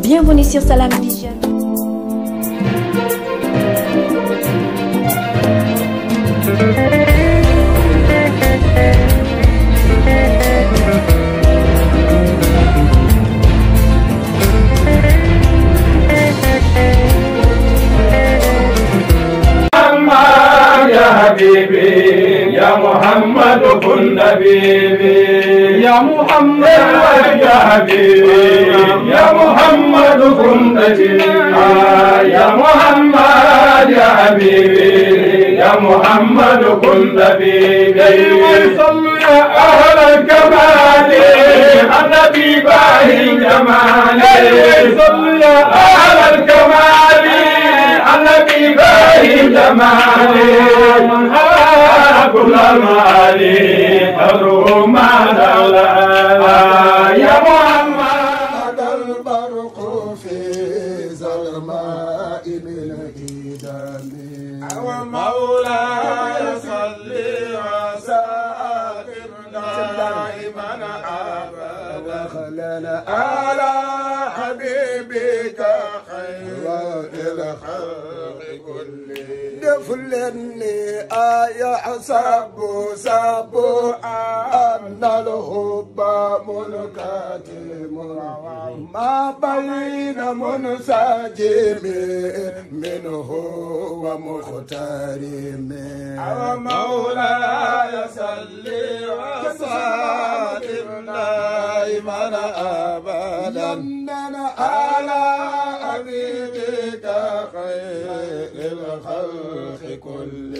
Bienvenue sur Salam Vision. Baby يا محمد كن نبيبي يا محمد يا حبيبي يا محمد كن نبيبي يا محمد يا حبيبي يا محمد كن نبيبي صلوا يا أهل الكمال النبي باهي الجمال صلوا يا أهل الكمال النبي باهي الجمال كل المعالي قدره ما دعلا يا معالي فلني أيحسب سب أن الحب منكتم ما بين منسجم منه ومخترم مولاي صل وسلم دائما أبدا على حبيبك خير الخلق كل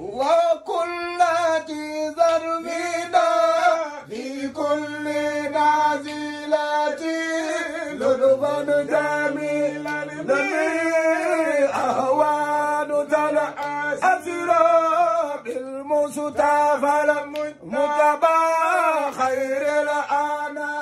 وكل ذي ضرب في كل نازلة لطفا جميلا أهوان تلعى أسرى بالمصطفى المجتبى خير الأنام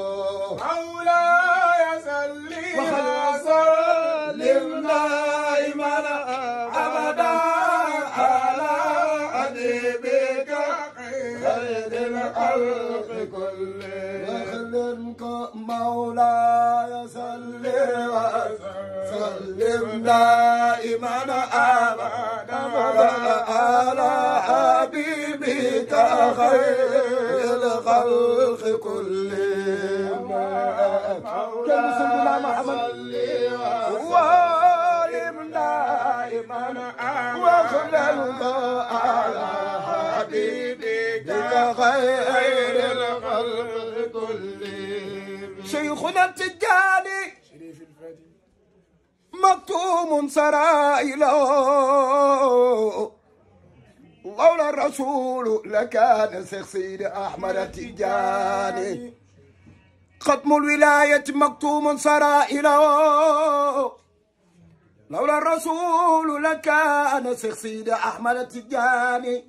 دائما أبدا على حبيبك خير الخلق كلهم كم سيدنا محمد وسلم دائما وخلق على حبيبك خير الخلق كلهم شيخنا التجاني مكتوم سرائله لولا الرسول لكان شيخ سيد احمد تجاني ختم الولايه مكتوم سرائله لولا الرسول لكان شيخ سيد احمد تجاني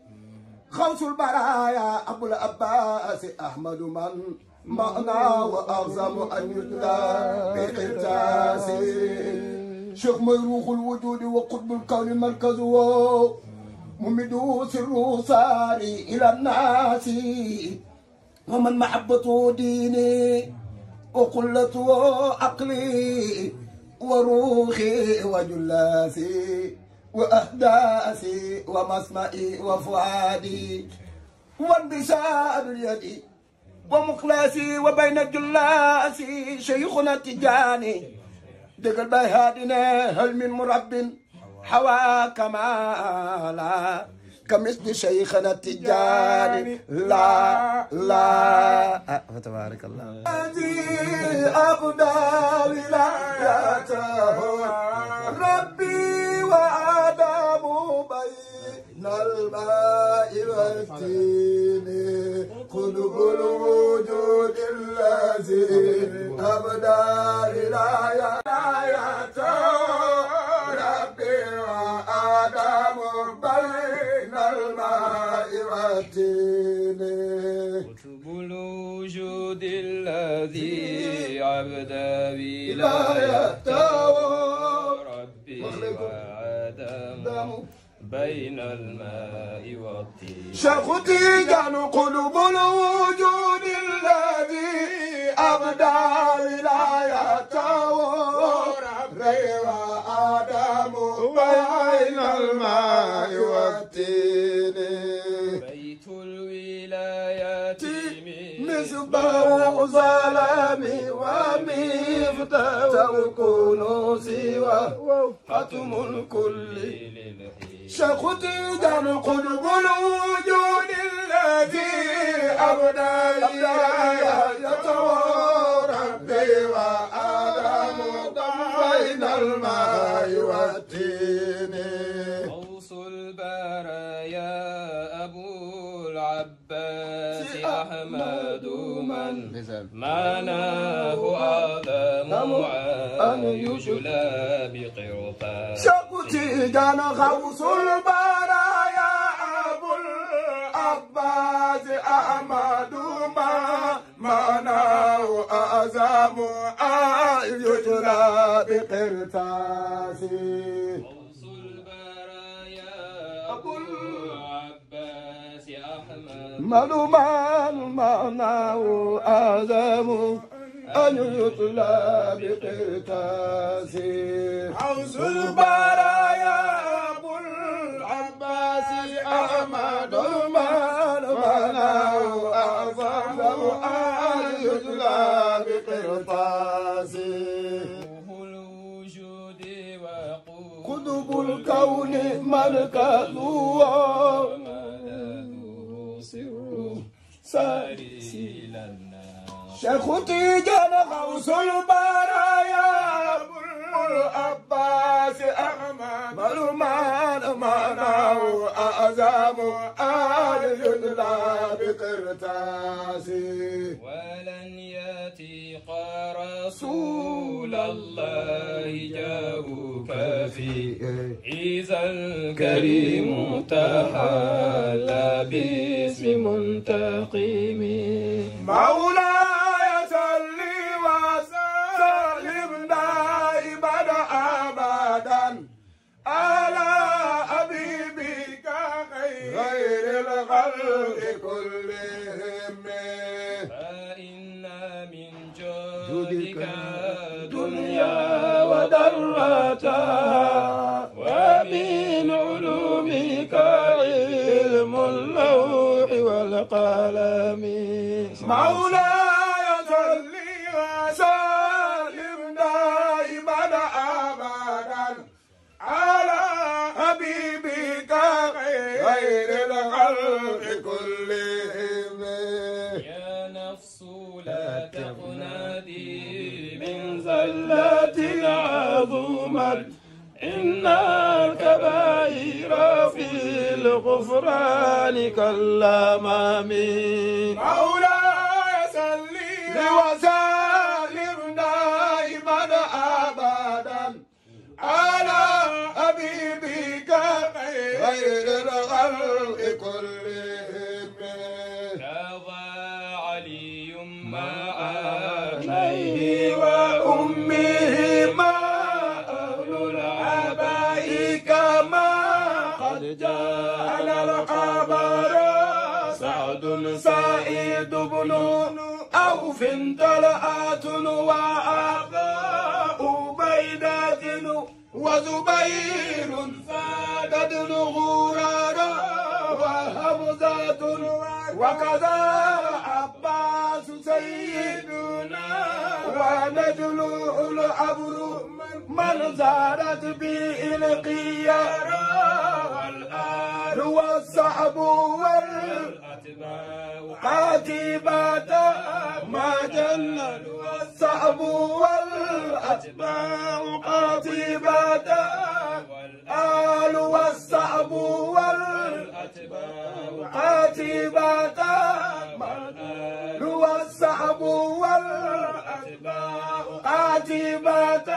خوص البرايا ابو العباس احمد من معنى واعظم ان يدلى بقرطاسي شيخ ميروخ الوجود وقطب الكون مركزه ممد سر ساري إلى الناس ومن محبته ديني وقلته عقلي وروحي وجلاسي وأحداثي ومسمعي وفؤادي وانبشار اليد ومخلصي وبين جلاسي شيخنا تجاني dëggal bay haadine hal min murabbin hawa kamala كمثل شيخنا التجاني لا لا تبارك الله أبدا ولايته ربي وآدم بين الماء والتين قلب الوجود الذي أبدا إلى العبد ولايته ربي وعدمه بين الماء والطين شخوتي كان قلوب الوجود الذي أبدى ولايته ربي وآدم بين الماء والطين بيت الولاية مصباح ظلام دور كنوزي وحتم الكل شخوتي دم قلب الوجود الذي أبدى يتوى ربي وآدم بين الماء والدين أوصوا البرايا أبو العباس أحمد معناه أعظم أن يجلى بقرطان شقتي دان غوص البرايا أبو العباس أحمد ما معناه أعظم أن يجلى بقرطاسي أجمل ما المعنى أعظم أن يطلى بقرطاس حوز البرايا أبو العباس أحمد ما المعنى أعظم أن يطلى بقرطاس قطب الكون مركزه ساري شيخ تيجان غوث البرايا أبو العباس أحمد ملمان مناه أعظم آل يدلى بقرطاسي ولن رسول الله جاءوك في عيسى الكريم تحلى باسم منتقم مولاي ومن علومك علم اللوح والقلم مولاي أن الكبائر في الغفران كالأمام مولاي صل وسلم دائما أبدا على حبيبك خير الخلق كلهم امرأة وآباء بيداد وزبير فادت غرارا وهمزة وكذا عباس سيدنا ونجل العبر من زارت به القيار والآل والصحب والأتباع قاتبات ما جلل والصحب والأتباع قاتبات والآل والصحب والأتباع قاتبات من هو الصعب والأتباع قاتبات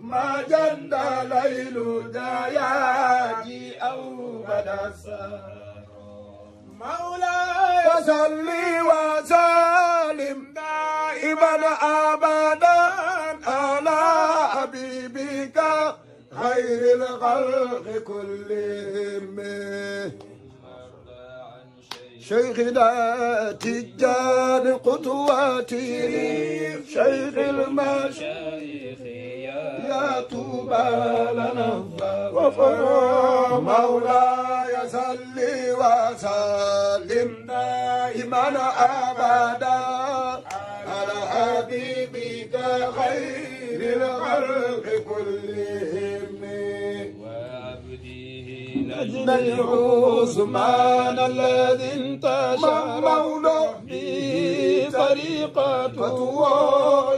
ما جد ليل داياجي أو بدا مولاي فصلي وسلم دائما أبدا على حبيبك خير الخلق كلهم شيخنا تجان قدوتي شيخ المشايخ يا طوبى لنا وفرا مولاي صل وسلم دائما ابدا على حبيبك خير الخلق كلهم العوز معنى الذي انتشر مولى في طريقته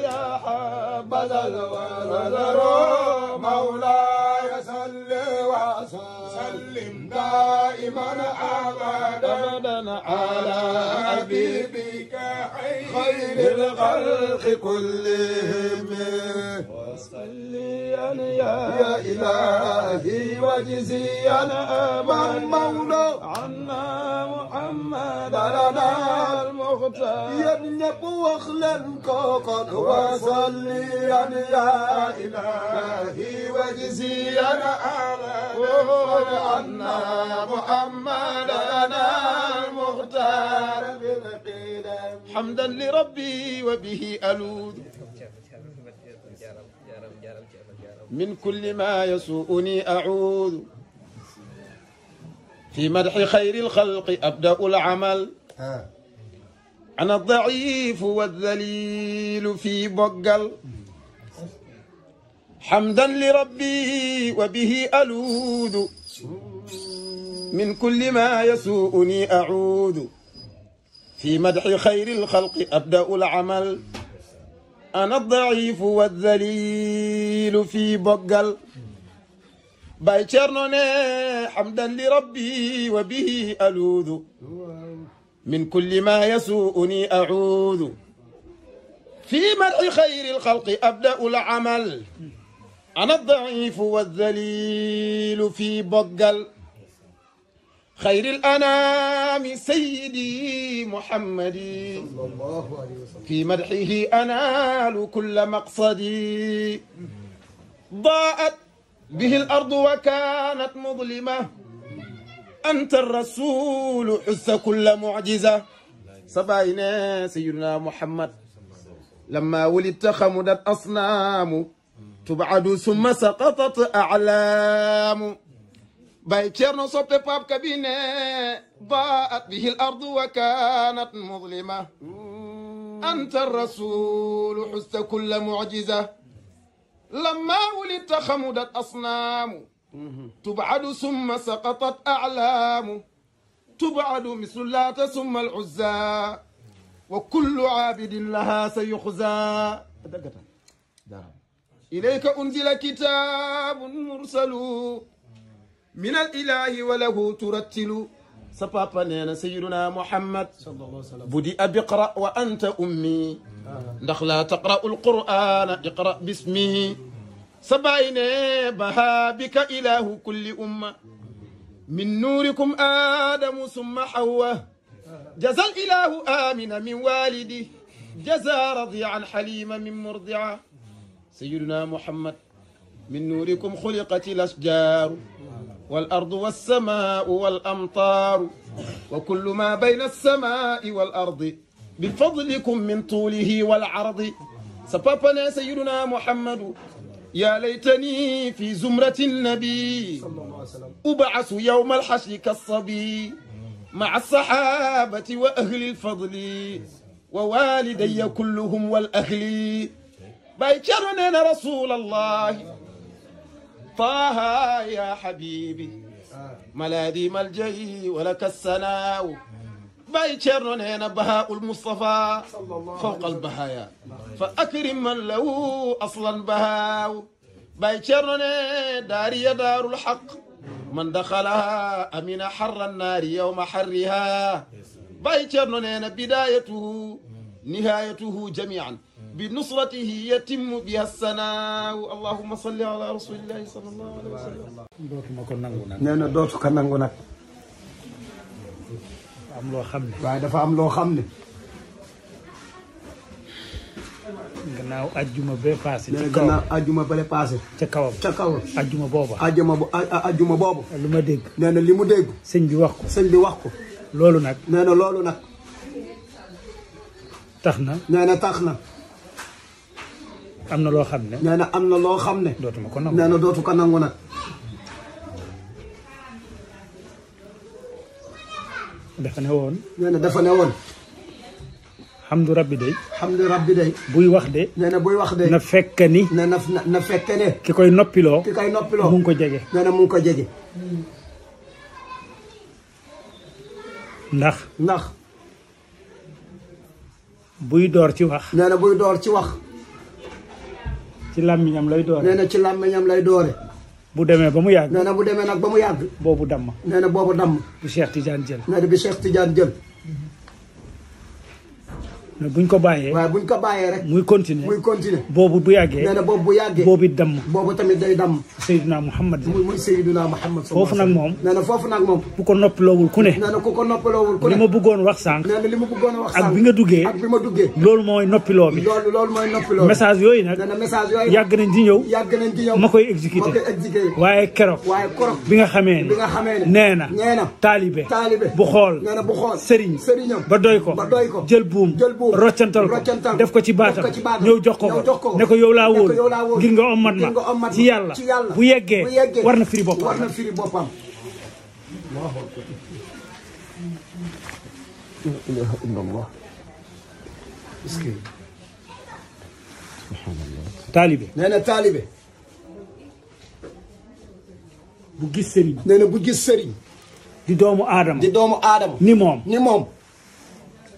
يا حبذا الورى مولاي صل وسلم دائما ابدا على حبيبك خير الخلق كلهم وصليا يا إلهي وجزيا أبا المولى عنا محمد لنا المختار يبنب واخلنك قد وصليا يا إلهي وجزيا أبا عنا محمد لنا المختار حمدا لربي وبه ألوذ من كل ما يسوءني أعوذ في مدح خير الخلق أبدأ العمل أنا الضعيف والذليل في بقل حمدا لربي وبه ألوذ من كل ما يسوءني أعوذ في مدح خير الخلق أبدأ العمل أنا الضعيف والذليل في بقل باي تشرنوني حمدا لربي وبه ألوذ من كل ما يسوءني أعوذ في مدح خير الخلق أبدأ العمل أنا الضعيف والذليل في بقل خير الأنام سيدي محمدي في مدحه أنال كل مقصدي ضاءت به الأرض وكانت مظلمة أنت الرسول حس كل معجزة سباينا سيدنا محمد لما ولدت خمدت أصنام تبعد ثم سقطت أعلام bay Ceerno soppe Pape Kabine baat bihi al-ardu wa kaanat muzlima anta ar-rasuulu xusta kulla mucjiza lammaa wulidta xamudat asnaamu tubcadu summa saqatat aclaamu tubcadu mislu laata summa al-uzzaa wa kullu caabidin lahaa sayuxzaa ilayka unzila kitaabun mursalu min al ilahi wa lahu turattilu sa papa nee na sayiduna muhammad bu di ab iqra wa anta ummi ndax laa taqra'u alqur'ana iqra bismihi sa baay ne baha bika ilahu kulli umma min nuurikum aadamu summa hawa jaza al ilahu amina min walidi jaza radian halima min murdia sayiduna muhammad min nuurikum xuliqat al asjaru والأرض والسماء والأمطار وكل ما بين السماء والأرض بفضلكم من طوله والعرض سببنا سيدنا محمد يا ليتني في زمرة النبي أبعث يوم الحشر كالصبي مع الصحابة وأهل الفضل ووالدي كلهم والأهل بايكرنا رسول الله طه يا حبيبي ملاذي ملجئي ولك الثناء باي تشيرنو نينا بهاء المصطفى فوق البهايا فأكرم من له أصلا بهاء باي تشيرنو داري دار الحق من دخلها أمين حر النار يوم حرها باي تشيرنو نينا بدايته نهايته جميعا بنصرته يتم بها الثناء اللهم صل على رسول الله صلى الله عليه وسلم nee na dootu ko nangu nag am loo xam ne waaye dafa am loo xam ne gannaaw ajjuma bee paase. ca kawam gannaaw ajjuma ca kawam ca kawam. booba. ajjuma boobu. lu ma dégg. nee na li mu dégg. sëñ bi wax ko. sëñ bi wax ko. loolu nag. nee na loolu nag. tax na. nee na tax na. am na loo xam ne. nee na am na loo xam ne. dootuma ko nangu nee na dootu ko nangu nag. dafa ne woon. nee na dafa ne woon. hamdu rabbi day. hamdu rabbi day. buy wax de. nee buy wax de. na fekk ni. ki koy noppiloo. ki koy noppiloo mu ngi ko jege. nee na mu ko jege. ndax. ndax. buy door ci wax. nee buy door ci wax. ci làmmiñam lay doore nee na ci làmmiñam lay doore bu demee ba mu yàgg nee na bu demee nag ba mu yàgg boobu damm nee na boobu damm bu Cheikh Tidiane jël nee na bi Cheikh Tidiane jël buñ ko bàyyee waaw buñ ko bàyyee rek muy continuer muy continuer boobu bu yàggee nee na boobu bu yàggee boobu damm boobu tamit day damm Seydina Muhammad muy Seydina Muhammad foofu nag moom nee na foofu nag moom ku ko noppaloowul ku ne nee ko noppaloowul ku ne li ma bëggoon wax sànq nee na ma bëggoon wax sànq ak bi nga duggee ak bi ma duggee loolu mooy noppiloo message yooyu nag na message yooyu yàgg nañ ci ñëw yàgg nañ ci ñëw ma koy exécuté waaye keroog waaye keroog bi nga xamee ne bi nga xamee ne nee na nee na taalibe taalibe bu xool nee na bu xool sëriñ sëriñam ba doy ko ba doy ko jël buum wóor roccantal def ko ci baatam ñëw jox ko ko ne ko bu yeggee war na firi boppam taalibe nee na taalibe bu gis sëriñ nee na bu gis di doomu aadama di doomu aadama ni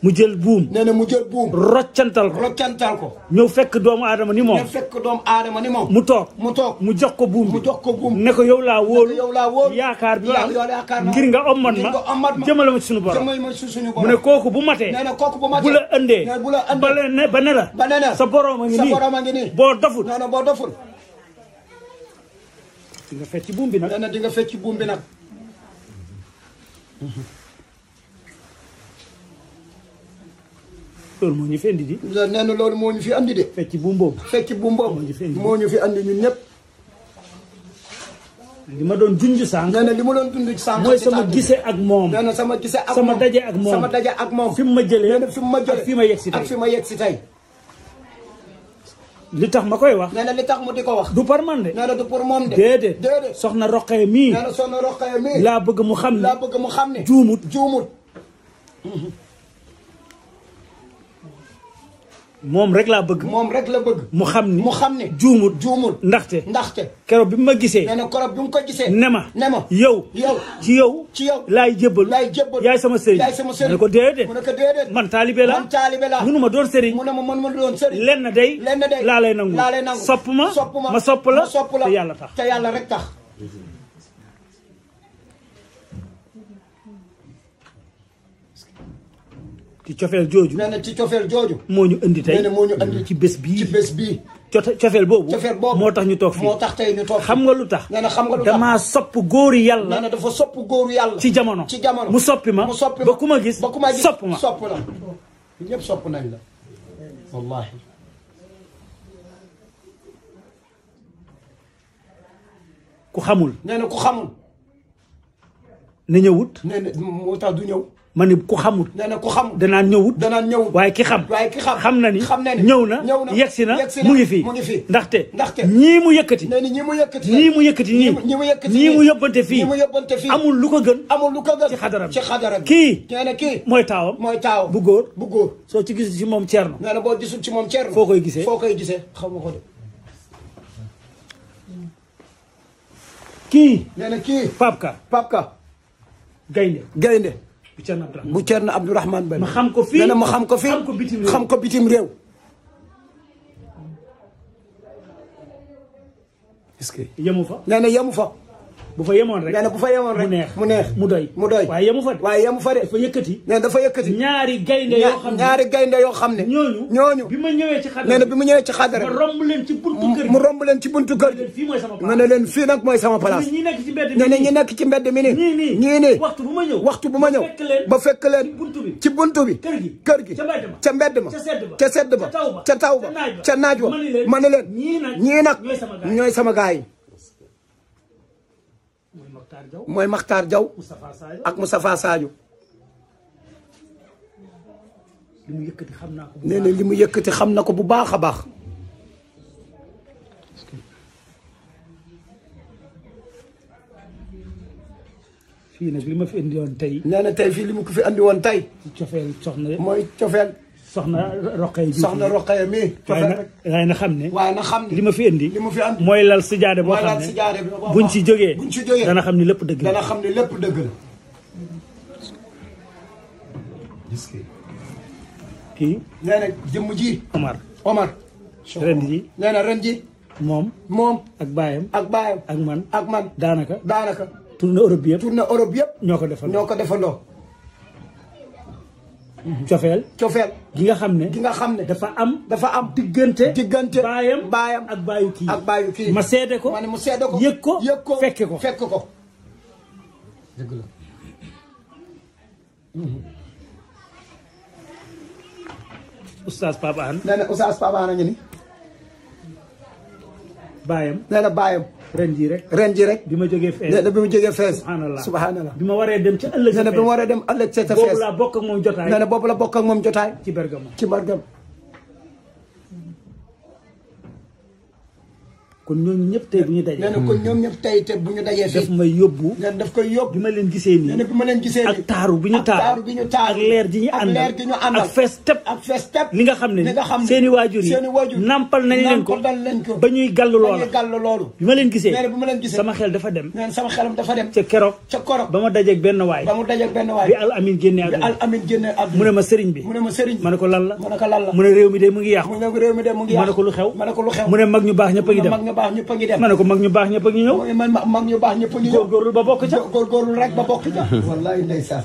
mu jël buum nee na mu jël buum roccantal ko roccantal ko ñëw fekk doomu aadama ni moom ñëw fekk doomu ni moom mu toog mu toog mu jox ko buum bi mu jox ko buum ne ko yow laa wóolu yow laa wóolu yaakaar bi ma am ngir nga ommat ma jëmale ma ci suñu borom jëmale ma ci suñu borom mu ne kooku bu matee nee na kooku bu bu la ëndee bu la ëndee ba ne ba ba ne la sa borom a ngi nii sa boo doful nee boo doful di nga fecc buum bi nag nee na di nga fecc nag loolu moo ñu fi andi di nee na loolu moo ñu fi andi de fecc bu mboobu fecc bu mboobu moo ñu fi andi ñun ñëpp li ma doon junj sànq. nee na li ma doon junj sànq. mooy sama gise ak moom. nee na sama gise ak moom sama daje ak moom sama daje ak moom. fi mu ma jëlee nee na fi mu ma jëlee ak fi ma yegg si tey ak fi ma yegg si tey. li tax ma koy wax. nee na li tax mu di ko wax. du par man de. nee na du pour moom de. déedéet déedéet. soxna Roqee mii. nee na soxna Roqee mii. laa bëgg mu xam ne laa bëgg mu xam ne. juumut juumut. moom rek laa bëgg. moom rek la bëgg. mu xam ni mu xam ni juumul. juumul ndaxte. ndaxte keroog bi ma gisee. nee na keroog bi mu ko gisee. ne ma ne ma yow. yow ci yow. ci yow laay jébbal. laay jébbal yaay sama sëriñ. yaay sama sëriñ mu ne ko déedéet. mu ne ko déedéet man taalibe laa. man taalibe laa mënu ma doon sëriñ. mënu ma mënu ma doon sëriñ. lenn day. lenn day laa lay nangu. laa lay nangu sopp ma. sopp ma ma sopp la. ma sopp la te yàlla tax te yàlla rek tax. ci cofeel jooju nee na ci cofeel jooju moo ñu andi tey nee na moo ñu andi ci bés bii ci bés bii cofeel boobu cofeel boobu moo tax ñu toog fii moo tax tey ñu toog xam nga lu tax nee na xam nga lu tax damaa sopp góoru yàlla nee na dafa sopp góoru yàlla ci jamono ci jamono mu soppi ma mu soppi ma ba ku ma gis ba ku ma gis sopp ma sopp la ñëpp sopp nañ la wallahi ku xamul nee na ku xamul na ñëwut nee na moo tax du ñëw ma ne ku xamut. nee na ku xamut danaan ñëwut. danaan ñëwut waaye ki xam. waaye xam xam na ni ñëw na. ñëw na yegsi na mu ngi fii. mu ngi fii ndaxte. ndaxte ñii mu yëkkati. nee na ñii mu yëkkati. ñii mu yëkkati ñii. ñii mu yëkkati ñii mu yóbbante fii. ñii mu yóbbante fii amul lu ko gën. amul lu ko gën ci xadara bi ci xadara bi. kii. nee mooy taawam. bu góor bu góor. soo ci gisul ci moom Thierno. nee na boo gisul ci moom Thierno. foo koy gisee foo koy gisee xam nga ko de. kii. nee na kii Pape Ka. gaynde gaynde bu Thierno Abdourahmane bu Thierno Abdourahmane Bari. ma xam ko fii ma xam ko fii xam ko bitim réew xam ko bitim réew. est-ce que. yemu fa nee na yemu fa. bu fa yemoon rek nee na bu fa yemoon rek mu neex mu neex mu doy mu doy waaye yemu fa de waaye yemu fa de dafa yëkkati nee na dafa yëkkati ñaari gaynde yoo xam ne ñaari gaynde yoo xam ne ñooñu ñooñu bi ma ñëwee ci xadara nee na bi ma ñëwee ci xadara mu romb leen ci buntu kër mu romb leen ci buntu kër mu ne leen fii nag mooy sama place ñi nekk ci mbedd mi nee na ñi nekk ci mbedd mi nii ñii nii waxtu bu ma ñëw waxtu bu ma ñëw ba fekk leen ci buntu bi kër gi ca mbedd ma ca sedd ba ca taw ba ca naaj wa ma ne leen ñii nag ñooy sama gaay mooy Makhtar Diaw ak Moustapha Sadio nee na li mu yëkkati xam na ko bu baax a baax fii nag li ma fi indi woon tey nee na tey fii li mu ko fi andi woon tey cofeel soxna mooy cofeel soxna Roqaya. soxna Roqaya mii. waaye na xam ne. waaye na xam ne li ma fi indi. li ma fi indi mooy lal sijaade boo xam ne buñ ci jógee. buñ ci jógee dana xam ne lépp dëgg la dana xam ne lépp dëgg la. gis nga kii. nee na jëmm ji. Omar Omar. ren ji nee na ren ji. moom. moom ak baayam. ak baayam ak man. ak man daanaka. daanaka. tournée Europe bi yëpp. tournée Europe bi yëpp. ñoo ko defandoo ñoo ko defandoo. Mhm. cofeel cofeel gi nga xam ne ki nga xam ne dafa am dafa am diggante diggante baayam baayam ak baayu kii ak baayu ma seede ko ma mu seede ko yëg ko yëg ko ko fekk ko dëgg la mhm. oustaz Pape Hann nee baayam nee na baayam ren jii rek ren jii rek. bi ma jógee fees nee na bi ma jógee fees. subhanallah subhanallah. bi ma waree dem ca ëllëg sa fees nee na bi ma waree dem ëllëg sa fees. boobu la bokk ak moom jotaay nee na boobu la bokk ak moom jotaay. ci bergamo ci bergamo. kon ñoom ñëpp tey bu ñu dajee. nee na kon ñoom may yóbbu. bi ma leen gisee nii. ak taaru bi ñu taaru. ak leer gi ñu àndal. ak fees tep. ak nga xam ne. li nga xam waajur yi. seen nañ leen ko ba ñuy gàll loolu. bi ma leen gisee. na bi ma sama xel dafa dem. ca keroog ba ma dajeeg benn waay. bi al génnee ak. mu ne ma sëriñ bi. ma ne ko lan mu ne réew mi de mu ngi yàqu. ma ne ko lu xew. mu ne mag ñu baax ñëpp a ngi dem. baax ñëpp a ngi ma ne ko mag ñu baax ñëpp a ngi ñëw man mag ñu baax ñëpp a ngi ñëw góorgóorlu ba bokk ca góorgóorlu rek ba bokk ca wallaay ndeysaan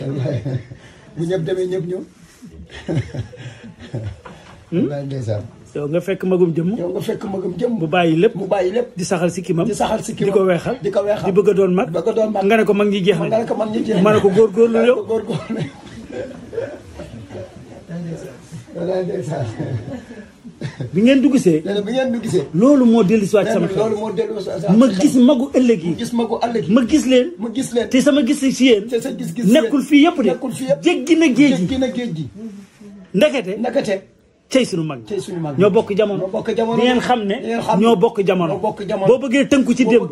wallaay bu ñëpp demee ñëpp ñëw hmm? yow nga fekk magum jëm yow fekk magum jëmm bu bàyyi lépp bu bàyyi lépp di saxal si kimam di saxal si kimam di ko weexal di ko weexal di bëgg a doon mag bëgg a doon nga ne ko mag ñi jeex na nga ne ko mag ñi jeex ma ne ko góorgóorlu yow góorgóorlu bi ngeen dugg see. nee na bi ngeen loolu moo dellu si waat sama xel moo dellu si ma gis magu ëllëg yi. gis magu ëllëg yi ma gis leen. ma gis leen te sama gis si yéen. te sa gis-gis nekkul fii yëpp de. nekkul fii yëpp jéggi na géej gi na géej gi. ndekete ndekete. tey suñu mag ñoo bokk jamono di ngeen xam ne ñoo bokk jamono boo bëggee tënku ci démb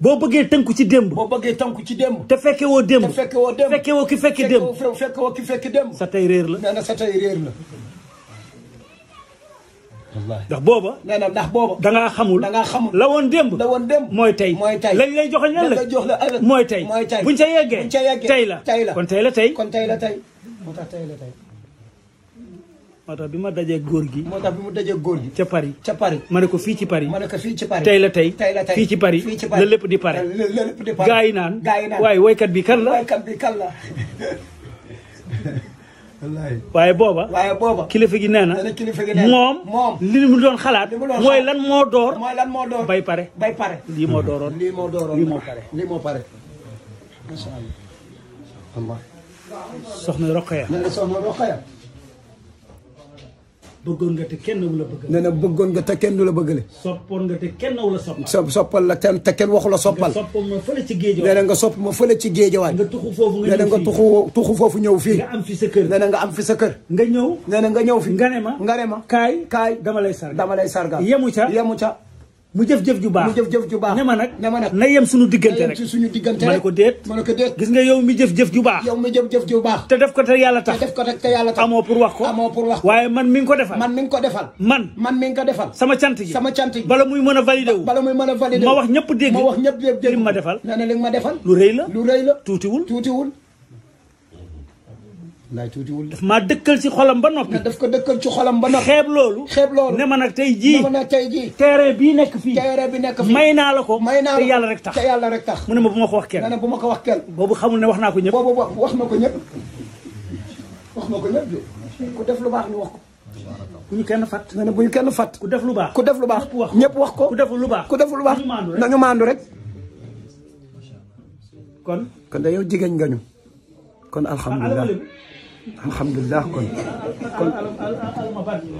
boo bëggee tënku ci démb boo bëggee tënku ci démb te fekke woo démb te fekke woo ki fekke démb fekke woo ki fekke démb sa tey réer la na sa tey réer la ndax booba nee na ndax booba dangaa xamul dangaa xamul la woon démb la woon mooy tey mooy tey lañ lay jox lan la jox la ëllëg mooy tey mooy tey buñ ca yeggee buñ tey la tey la kon tey la tey kon la tey moo tax tey la tey moo bi ma dajee góor gi moo tax mu dajee góor gi ca Paris ca Paris ma ne ko fii ci Paris ma ne ko fii ci Paris tey la tey tey la tey fii ci Paris fii ci Paris la lépp di pare la lépp di pare gaa naan waaye woykat bi kan la woykat bi kan la waaye booba. waaye booba kilifa gi nee na. moom moom. li mu doon xalaat. mooy lan moo door. lan moo door bay pare. bay pare lii moo dooroon. lii moo dooroon lii moo pare lii moo pare. macha allah. soxna Rokhaya. nee na soxna Rokhaya. bëggoon nga te kenn wu la bëgg. nee na bëggoon nga te kenn wu la bëggale. soppoon nga te kenn wu la soppal. soppal te te waxu la soppal. nga sopp ma fële ci géejawaay. nee na nga sopp ma fële ci géejawaay. nga tuxu foofu nga ñëw fii nee na nga tuxu tuxu fii. am fi sa kër nee na nga am fi sa kër. nga ñëw nee na nga ñëw fi. nga ne ma nga ne ma kaay. kaay dama lay sargal dama lay sargal. yemu ca yemu ca. mu jëf-jëf ju baax mu jëf-jëf ne ma nag ne ma na yem suñu diggante rek suñu diggante ma ne ko déet ma ne ko déet gis nga yow mi jëf-jëf ju baax yow mi jëf-jëf ju baax te def ko te yàlla tax te ko te yàlla amoo pour wax ko amoo pour wax ko waaye man mi ko defal man mi ko defal man man mi ngi ko defal sama cant gi sama cant bala muy mën a validé wu bala muy mën a validé ma wax ñëpp dégg ma wax ñëpp dégg li ma defal nee na li ma defal lu rëy la lu rëy la tuutiwul tuutiwul ndaay tuutiwul daf maa dëkkal ci xolam ba noppi. daf ko dëkkal ci xolam ba noppi. xeeb loolu. xeeb ne ma nag tey jii. ne ma nag tey jii. terrain bii nekk fii. terrain bi nekk fii may naa la ko. may naa te yàlla rek tax yàlla rek tax. mu ne ma bu ma ko wax kenn. nee na ko wax kenn. boobu xamul ne wax naa ko ñëpp. boobu wax wax na ko ñëpp wax ko ñëpp ku def lu baax ñu wax ko. bu ñu kenn fàtt. nee na bu ñu kenn fàtt. ku def lu baax ku def lu baax. ñëpp wax ko ku lu baax. ku def baax nañu maandu rek kon kon da yow jigéen nga ñu kon alhamdulilah alhamdulilah kon kon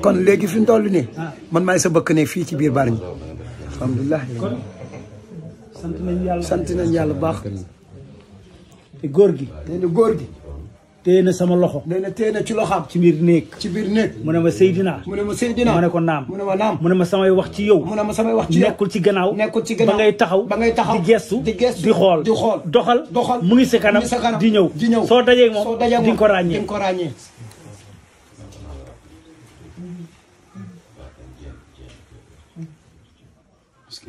kon léegi fi mu toll nii man maay sa bëkk ne fii ci biir Bargny alhamdulilah kon sant nañ yàlla sant nañ yàlla baax te góor gi te góor gi téye na sama loxo nee na téye na ci loxaam ci biir néeg ci biir néeg mu ne ma Seydina mu ne ma Seydina mu ne ko naam mu ne ma ma samay wax ci yow mu ne ma samay wax ci yow nekkul ci gannaaw ci gannaaw ba ngay taxaw ba ngay taxaw di gestu di gestu di xool xool doxal doxal mu ngi sa kanam di ñëw di ñëw soo dajee moom di nga ko ràññee ko ràññee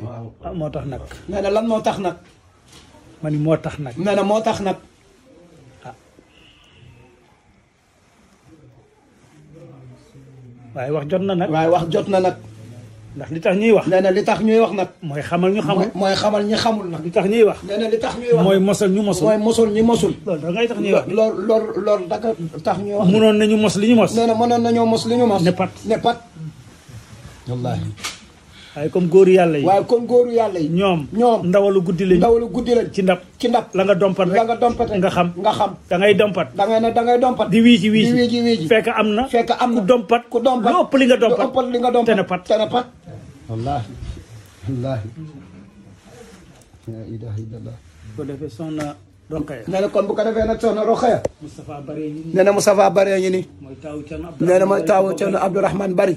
waaw moo tax nag nee lan moo tax nag moo tax nag moo tax nag waaye wax jot na nag waaye wax jot na nag ndax li tax ñuy wax nee li tax ñuy wax nag mooy xamal ñu xamul mooy xamal ñi xamul nag li tax ñiy wax nee li tax ñuy mooy mosal ñu mosul mooy mosal ñu mosul da ngay tax ñuy wax loolu loolu loolu da tax ñuy wax mënoon nañu mos li ñu mos nee na mënoon nañoo mos li ñu mos ne pat ne pat wallaahi waaye comme góor yàlla yi waaye comme ñoom ñoom ndawalu guddi lañ ndawalu guddi lañ ci ndab ci ndab la nga dompat rek la nga nga xam nga xam da ngay dompat da ngay da ngay dompat di wii ci fekk am na fekk am na ku dompat ku dompat lu ëpp li nga dompat lu ëpp li nga dompat tene pat tene pat wallaahi wallaahi la ilaha illallah ko defee soxna Rokhaya nee na kon bu ko defee nag soxna Rokhaya Moustapha Bare nee na Moustapha Bare ni mooy Bari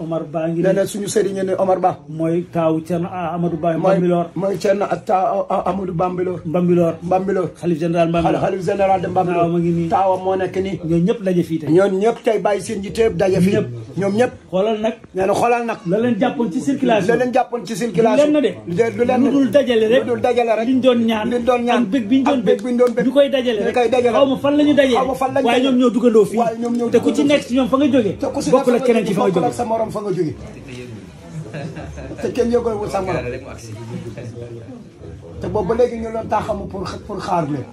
Omar Ba ngi nee na suñu sëriñ ne Omar Ba mooy taaw Thierno Amadou Ba Mbambilor mooy Thierno taaw Amadou Mbambilor Mbambilor Mbambilor xalif général Mbambilor xalif général de Mbambilor ma ngi nii taawam moo nekk nii ñoom ñëpp daje fii tey ñoom ñëpp tey bàyyi seen ji teeb daje fii ñoom ñëpp xoolal nag nee na xoolal nag la leen jàppoon ci circulation la leen jàppoon ci circulation lenn de du lenn lu dul dajale rek lu dul dajale rek liñ doon ñaan liñ doon ñaan bëgg biñ doon bëgg biñ doon bëgg ñu koy dajale rek koy dajale xaw ma fan la ñu dajee xaw ma fan lañ waaye ñoom ñoo duggandoo fii te ku ci nekk ci ñoom fa nga jógee bokk la keneen ci fa nga jógee borom fa nga jóge te kenn yëgal wul sa morom te boobu ba léegi ñu doon taxamu pour pour xaar leen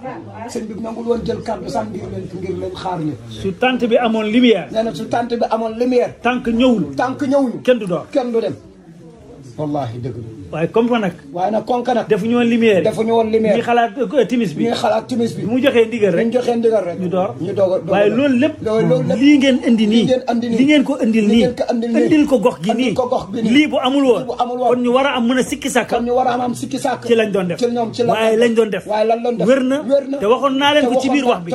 sëñ bi nangul woon jël kàddu xaar leen. su tant bi amoon lumière. nee na su tante bi amoon lumière. tànk ñëwul tànk ñëwul. kenn du door kenn du dem. wallaahi dëgg la. waaye comme fa nag waaye nag konka nag defu ñu woon lumière defu ñu woon lumière ñi euh, xalaat timis bi ñi xalaat timis bi mu joxee ndigal rek ñu joxee ndigal rek ñu door ñu door waaye loolu lépp lii ngeen indi nii ngeen andi nii ngeen ko indil nii indil ko gox gi nii lii bu amul woon kon ñu war a am mën a sikki sàkk war a am am sikki sàkk ci lañ doon def ci waaye lañ doon def waaye lañ doon def wér na te waxoon naa leen ko ci biir wax bi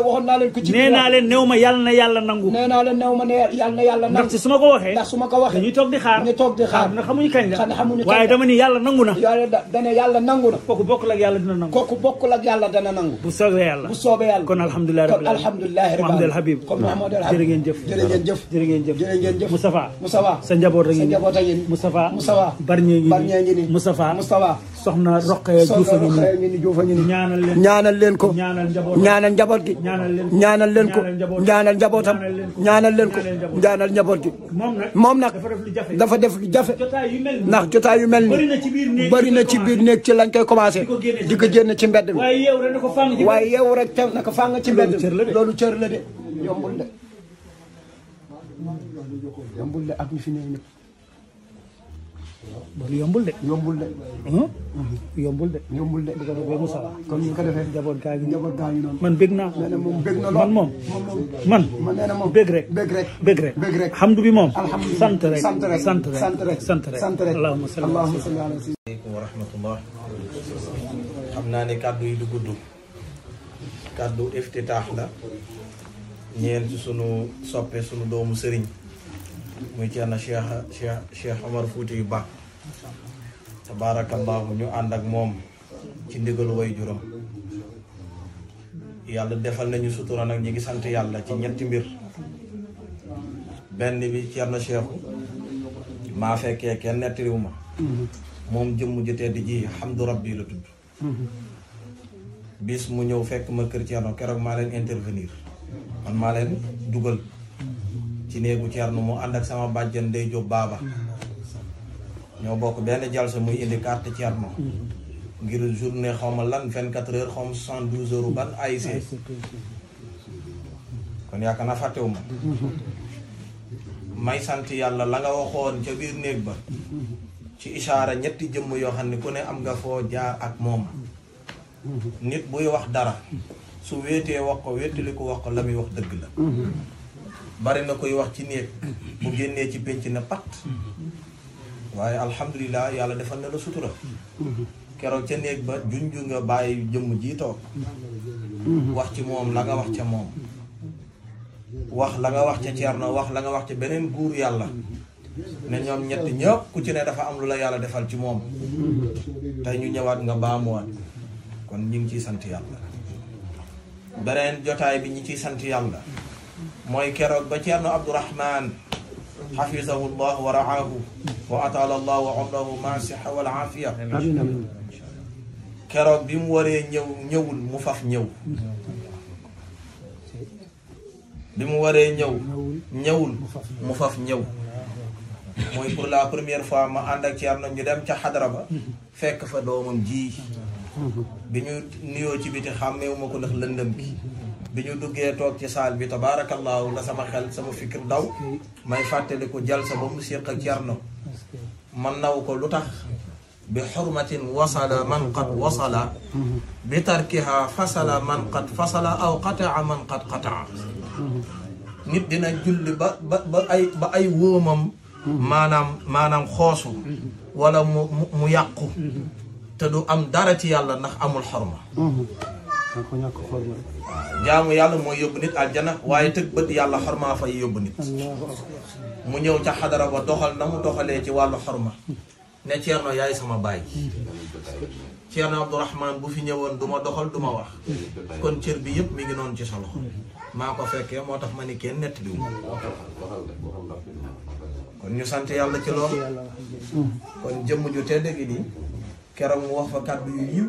nee naa leen néew ma yàlla na yàlla nangu nee naa leen néew ma ne na yàlla nangu ndax su ma ko waxee ndax su ma ko waxee dañuy toog di xaar ñu toog di xaar na xamuñu kañ la nangu na yàlla da dane yàlla nangu na kooku bokkul ak yàlla dina nangu kooku bokkul ak yàlla dana nangu bu soobee yàlla bu soobee yàlla kon alhamdulilah kon alhamdulilah Mouhamadou El Habib kon Mouhamadou El Habib jërë ngeen jëf jërë ngeen jëf jërë ngeen jëf jërë ngeen jëf Moustapha Moustapha sa njaboot rek sa njaboot rek Moustapha Moustapha barñe ngi barñe ngi ni Moustapha Moustapha soxna Roqaya Juufa ngi ni Juufa ngi ni ñaanal leen ñaanal leen ko ñaanal njaboot ñaanal njaboot gi ñaanal leen ko ñaanal njabootam ñaanal leen ko ñaanal njaboot gi moom nag dafa def lu jafe ndax jotaay yu mel ni bëri na ci biir néeg ci lañ koy commencé di ko génn ci mbedd mi waaye yow rek na naka fàng ci mbedd mi loolu cër la de yombul de yombul de ak ñi fi yombul de. yombul de. yombul de. yombul de di ko defee Moussa. kon ñu ko defee njaboot gaa ngi njaboot gaa ngi noonu. man bég naa. nee na moom bég na man moom. man man nee na moom bég rek. bég rek bég xamdu bi moom. alhamdulilah sant rek sant rek sant rek sant rek sant rek. sant rek allahumma salli allahumma salli ala sayyidina. aleykum wa rahmatullah. xam naa ne kàddu yi du gudd. kàddu iftitaax la. ñeen ci sunu soppe sunu doomu sëriñ. muy Ceerno Cheikh Cheikh Cheikh Omar Fuuti yu Ba tabaarakallaahu ñu ànd ak moom ci ndigalu way juróom yàlla defal nañu sutura nag ñi ngi sant yàlla ci ñetti mbir benn bi Ceerno Cheikh maa fekkee kenn nettaliwu ma moom jëmm ju tedd ji Hamdu Rabbi la tudd bis mu ñëw fekk ma kër Ceerno keroog maa leen intervenir man maa leen dugal ci néegu Thierno mu ànd ak sama bàjjan Ndey Jóob Baaba ñoo bokk benn sa muy indi carte Thierno ngir journée xaw ma lan vingt quatre heures xaw ma soixante douze heures ban AIC kon yaakaar naa fàttewu may sant yàlla la nga waxoon ca biir néeg ba ci ishaara ñetti jëmm yoo xam ne ku ne am nga foo jaar ak moom nit buy wax dara su wéetee wax ko wéetali ko wax ko la muy wax dëgg la bari na koy wax ci néeg bu génnee ci pénc na pat waaye alhamdulilah yàlla defal na la sutura keroog ca néeg ba junju nga bàyyi jëmm ji wax ci moom la nga wax ca moom wax la nga wax ca na wax la nga wax ca beneen guur yàlla ne ñoom ñett ñëpp ku ci ne dafa am lu la yàlla defal ci moom tey ñu ñëwaat nga baamuwaat kon ñu ngi ciy sant yàlla beneen jotaay bi ñi ciy sant yàlla mooy keroog ba Ceerno Abdourahman xafizahu llah wa raahu wa ataala llah wa ma siha wal aafiya keroog bi mu waree ñëw ñëwul mu faf ñëw bi mu waree ñëw ñëwul mu faf ñëw mooy pour la première fois ma ànd ak Ceerno ñu dem ca xadara ba fekk fa doomam ji bi ñu nuyoo ci biti xàmmeewu ma ko ndax lëndëm bi bi ñu duggee toog ci saal bi tabaarakallaahu la sama xel sama fikir daw may fàttaliku jalsa jal mu séq ak Cerno man naw ko lu tax bi xurmatin wasala man qad wasala bi tarkiha fasala man qad fasala aw qataa man qad qataa nit dina julli ba ba ay ba ay wóomam maanaam maanaam xoosu wala mu mu yàqu te du am dara ci yàlla ndax amul xorma jaamu yàlla mooy yóbbu nit aljana waaye tëg bët yàlla ma fay yóbbu nit mu ñëw ca xadara ba doxal na mu doxalee ci wàllu xorma ne Ceerno yaay sama baay Ceerno Abdourahmane bu fi ñëwoon du ma doxal du ma wax kon cër bi yëpp mi ngi noonu ci sa maa ko fekkee moo tax ma ni kenn nett bi kon ñu sant yàlla ci lool kon jëmm ju tedd gi nii keroog wax fa kàddu yu yiw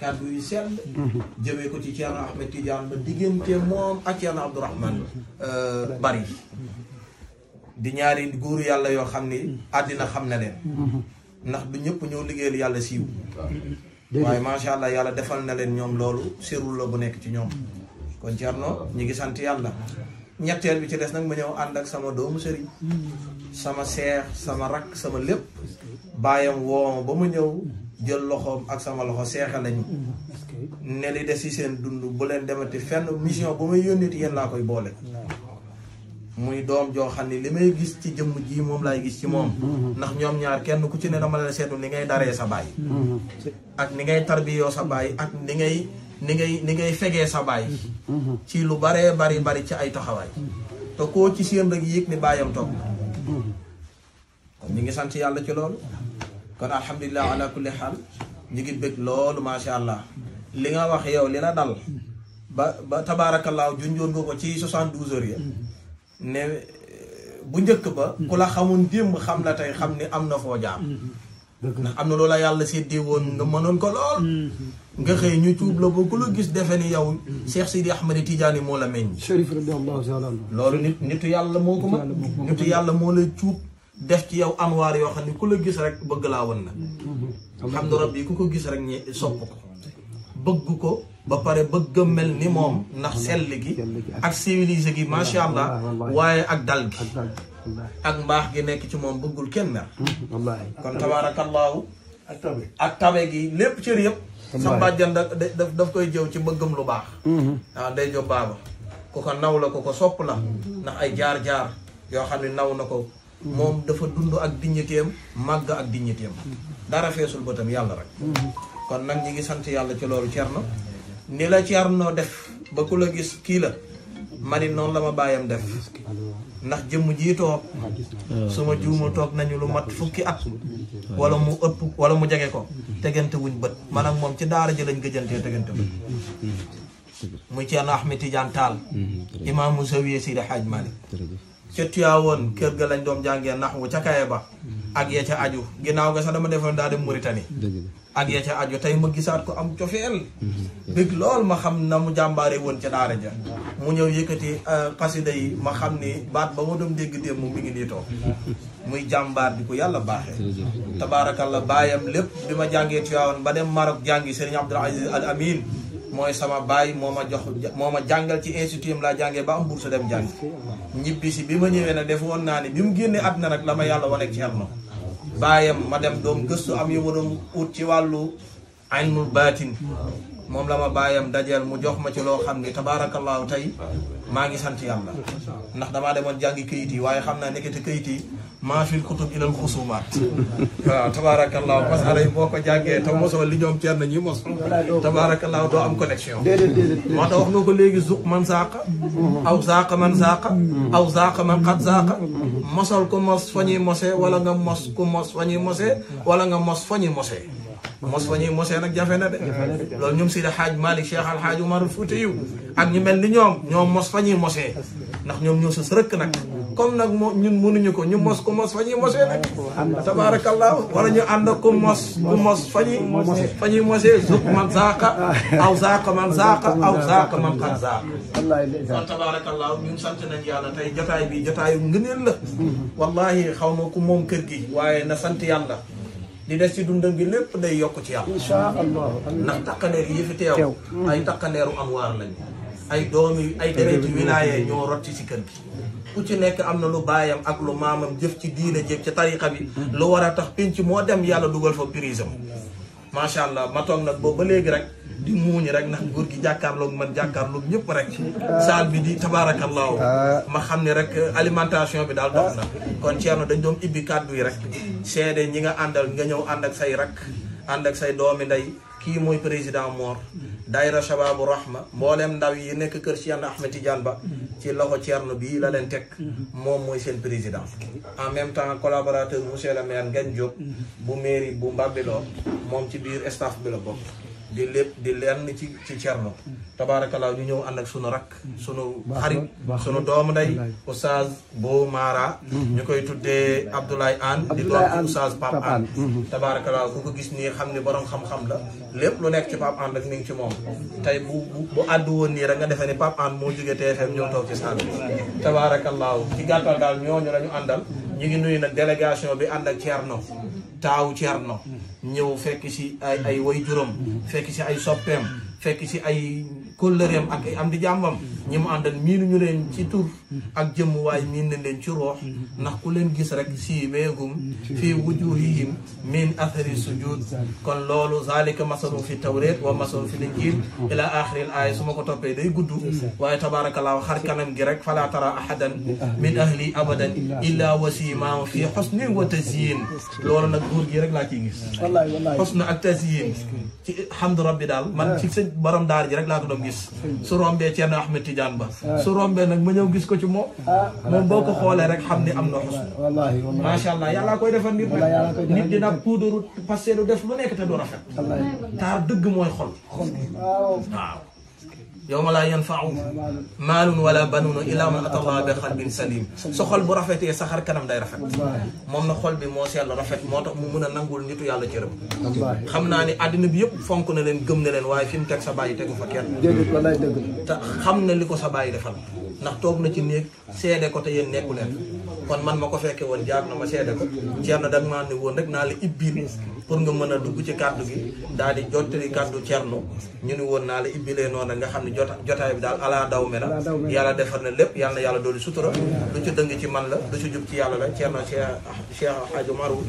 kàddu yu sell mhm. jëmee ko ci Ceerno Ahmed Tidiane ba diggante moom ak Ceerno Abdourahman euh, Bari mhm. di ñaari góoru yàlla yoo xam ni mhm. àddina xam na leen ndax du ñëpp ñëw liggéeyal yàlla siiw waaye macha allah yàlla defal na leen ñoom loolu sérul la bu nekk ci ñoom kon Ceerno ñi ngi sant yàlla ñetteel bi ci des nag ma ñëw ànd ak sama doomu sëriñ sama seex sama rakk sama lépp baayam wooma ba ma ñëw jël loxoom ak sama loxo seexal lañu ne li des ci seen dund bu leen demati fenn mission bu may yónniti yéen laa koy boole muy doom joo xam ne li may gis ci jëmm jii moom laay gis ci moom ndax ñoom ñaar kenn ku ci ne dama la seetlu ni ngay daree sa baay ak ni ngay tarbiyoo sa baay ak ni ngay ni ngay ni ngay fegee sa baay ci lu baree bari bari ci ay taxawaay te koo ci seen rek yëg ni baayam toog kon ñu ngi sant yàlla ci loolu kon alhamdulilah ala kulli xaal ñu ngi bëgg loolu macha allah li nga wax yow li la dal ba ba tabaarakallaahu junjoon nga ko ci 72 heures ya ne bu njëkk ba ku la xamoon démb xam la tey xam ni am na foo jaar ndax am na loola yàlla séddee woon nga mënoon ko lool nga xëy ñu tuub la ba ku la gis defe ni yow Cheikh Sidi Ahmed Tidiane moo la meññ. Chérif radiyallaahu taala loolu nit nitu yàlla moo ko mën nitu yàlla moo lay cuub def ci yow anwaar yoo xam ne ku la gis rek bëgg laa woon na mm-hmm. xam ne rab yi ku ko gis rek ñi sopp ko bëgg ko ba pare bëgg mel ni moom ndax mm-hmm. sell gi ak civilisé gi macha allah waaye ak dal gi ak mbaax gi nekk ci moom bëggul kenn mer mm-hmm. kon tabaarakallaahu ak tabe gi lépp cër yëpp sa bàjjan da daf koy jëw ci bëggam lu baax waaw ah, day job baaba ku ko naw la ku ko sopp la ndax ay jaar-jaar yoo xam ne naw na ko moom dafa dund ak dignité màgg ak dignité dara feesul bëtam yàlla rek kon nag ñi ngi sant yàlla ci loolu Cerno ni la Cerno def ba ku la gis kii la manit noonu la ma bàyyam def ndax jëmm jii toog su ma juumul toog nañu lu mat fukki at wala mu ëpp wala mu jege ko tegante wuñ bët man ak moom ci daara ji lañ gëjantee tegante bët muy Cerno Ahmed Tidiane Tall mm-hmm. imaamu zawiya Seydi Hadj Malick ca Tiwaawoon kër ga lañ doon jàngee naxwu ca kaye ba ak ya ca aju ginnaaw nga sax dama defoon daa dem Mauritanie ak ya ca aju tey ma gisaat ko am cofeel mm-hmm. big lool ma xam na mu jàmbaare woon ca daara ja mu ñëw yëkkati euh, xasida yi ma xam ni baat ba ma doom dégg démb mi ngi nii muy jàmbaar bi ko yàlla baaxee tabaarakalla baayam lépp bi ma jàngee Tiwaawoon ba dem Maroc jàngi Serigne Abdoul Aziz Al Amin mooy sama baay moo ma jox moo ma jàngal ci institut am laa jàngee ba am bourse dem jàng ñibbi si bi ma ñëwee ne woon naa ne bi mu génnee àdduna nag la ma yàlla waneeg ci Cerno baayam ma dem doom gëstu am yu ma doon ut ci wàllu aynul baatin moom la ma bàyyam dajeel mu jox ma ci loo xam ni tabaarakallaahu tey maa ngi sant yàlla ndax damaa demoon jàngi këyit yi waaye xam naa nekkati këyit yi maa fil kutub ilal xusumaat waaw tabaarakallaahu parce que alay boo ko jàngee te mosoo li ñoom ceer na ñi mos tabaarakallaahu doo am connexion moo tax wax na ko léegi zuq man saaqa aw saaka man saaqa aw saaqa man xat saaqa mosal ko mos fa ñuy mosee wala nga mos ku mos fa ñuy mosee wala nga mos fa ñuy mosee mos fa ñuy mosee nag jafe na de loolu ñoom Seydi Hadj Malick Cheikh Al Hadj Omar Foutiyou ak ñu mel ni ñoom ñoom mos fa ñuy mosee ndax ñoom ñoo sës rëkk nag comme nag moo ñun mënuñu ko ñu mos ko mos fa ñuy mosee nag tabarakallahu wala ñu ànd ak ku mos ku mos fa ñuy fa ñuy mosee zuq man zaqa aw zaqa man zaqa aw zaqa man xat zaqa kon tabarakallahu ñun sant nañ yàlla tey jotaay bi jotaayu ngëneel la wallahi xaw ma ku moom kër gi waaye na sant la li des ci dundam bi lépp day yokk ci yàlla. incha allah ndax takkandeer yi fi teew. ay takkandeeru am waar lañu. ay doomi ay deret ci wilaaye ñoo rot ci si kër gi. ku ci nekk am na lu baayam ak lu maamam jëf ci diina jëf ci tariqa bi. lu war a tax penc moo dem yàlla dugal fa prisam. macha allah ma toog nag boobu ba léegi rek. di muuñi rek ndax góor gi jàkkaarloog man jàkkaarloog ñëpp rek saal bi di tabaarakallaahu ah. ma xam ne rek alimentation bi daal dox na kon Thierno dañ doon ibbi kàddu yi rek seede ñi nga àndal nga ñëw ànd ak say rakk ànd ak say doomi ndey kii mooy président Mor daayira Shababu Rahma mboolem ndaw yi nekk kër Cheikh Ahmed Tidiane Ba ci loxo Thierno bii la leen teg moom mooy seen président en même temps collaborateur monsieur le maire Ngagne Diop bu mairie bu Mbambilor moom ci biir staff bi la bokk di lépp di lenn ci ci cerno tabaarakallaa ñu ñëw ànd ak sunu rakk sunu xarit sunu doomu nday oustaz bo maara ñu koy tuddee Abdoulaye Anne di doom ci oustaz Pape Anne mhm. tabaarakallaa ku ko gis nii xam ne boroom xam-xam la lépp lu nekk ci Pape Anne rek ci moom tey bu bu àddu woon nii rek nga defee ni Pape moo jógee TFM ñëw toog ci saan tabaarakallaa ci gàttal daal ñooñu la ñu àndal ñu ngi nuyu nag délégation bi ànd ak cerno taaw cerno ñëw fekk si ay ay way juróom fekk si ay soppeem fekk si ay kóllëreem ak ay am di jàmbam ñi mu àndal miinuñu leen ci tur ak jëmm waaye miin nañ leen ci roox ku leen gis rek si beegum fii wujuhihim min athari sujud kon loolu zalika masalu fi tawreet wa masalu fi linjil ila axiril aaya su ma ko toppee day gudd waaye tabaarakallaahu xar kanam gi rek falaa tara ahadan min ahli abadan illa wasimaam fi xosnin wa tasyin loolu nag góor gi rek laa ciy gis xosna ak tasyin ci hamdu rabbi daal man ci sëñ borom daar rek gis su rombee Ceerno Ahmed Tidiane ba ah. su rombee nag ma ñëw gis ko ci moom ah. moom boo ko xoolee rek xam ni am na xusn macha allah yàllaa koy defar nit nag nit dina puudaru passé lu def lu nekk te lu rafet taar dëgg mooy xol waaw yawma laa yanfau maalun wala banuuna illaa man atallaaha bi qalbin salim sa xol bu rafetee sa xar kanam day rafet moom na xol bi moo seetlu rafet moo tax mu mun a nangul nitu yàlla cëram xam naa ni àddina bi yëpp fonk na leen gëm na leen waaye fi mu teg sa bàyyi tegu fa kenn te xam na li ko sa bàyyi defal ndax toog na ci néeg seede ko te yéen nekku leen kon man ma ko fekkee woon jaar na ma seede ko Thierno da maa ne woon rek naa la ibbil pour nga mën a dugg ci kàddu gi daal di jottali kàddu Thierno ñu ni woon naa la ibbilee noonu nga xam ne jota jotaay bi daal ala daw me na yàlla defar na lépp yàlla yàlla doolu sutura lu ci dëng ci man la lu ci jub ci yàlla la Thierno Cheikh Cheikh Hadj Marou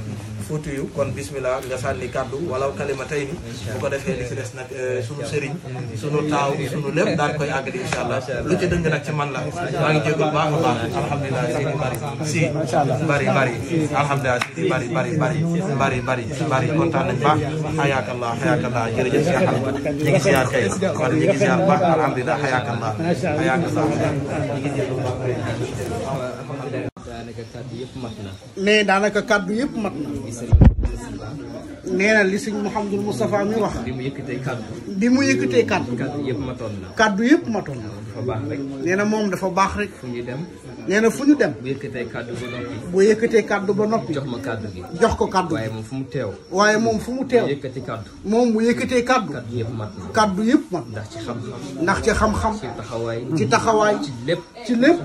fuuti yu kon bismillah nga sànni kàddu walaw kalima tey ni bu ko defee li ci des nag euh, sunu sëriñ sunu taaw sunu lépp daan koy àgg di incha allah lu ci dëng nag ci man la maa ngi jégalu baax a baax alhamdulilah si bari si bari bari alhamdulilah si bari bari bari bari bari bari kontaan nañ baax xayaakallah xayaakallah jërëjëf si xam ñi ngi siyaar kay kon ñi ngi siyaar baax alhamdulilah xayaakallah xayaakallah ñi ngi jégalu baax daanaka kàddu yëpp mat na. nee daanaka kàddu yëpp mat na. nee na li mu Mouhamadul Moustapha mi wax. bi mu yëkkatee kàddu. bi mu yëkkatee kàddu. kàddu yëpp matoon na. kàddu yëpp matoon na. dafa baax rek. moom dafa baax rek. fu ñu dem. nee na fu ñu dem. bu yëkkatee kàddu ba noppi. bu yëkkatee ba noppi. jox ma kàddu gi. jox ko kàddu waaye moom fu mu teew. waaye moom fu mu teew. yëkkati kàddu. moom bu yëkkatee kàddu. kàddu yëpp mat na. kàddu yëpp mat. ndax ci xam-xam. ndax ci xam-xam. ci taxawaay. ci taxawaay. ci lépp. ci lépp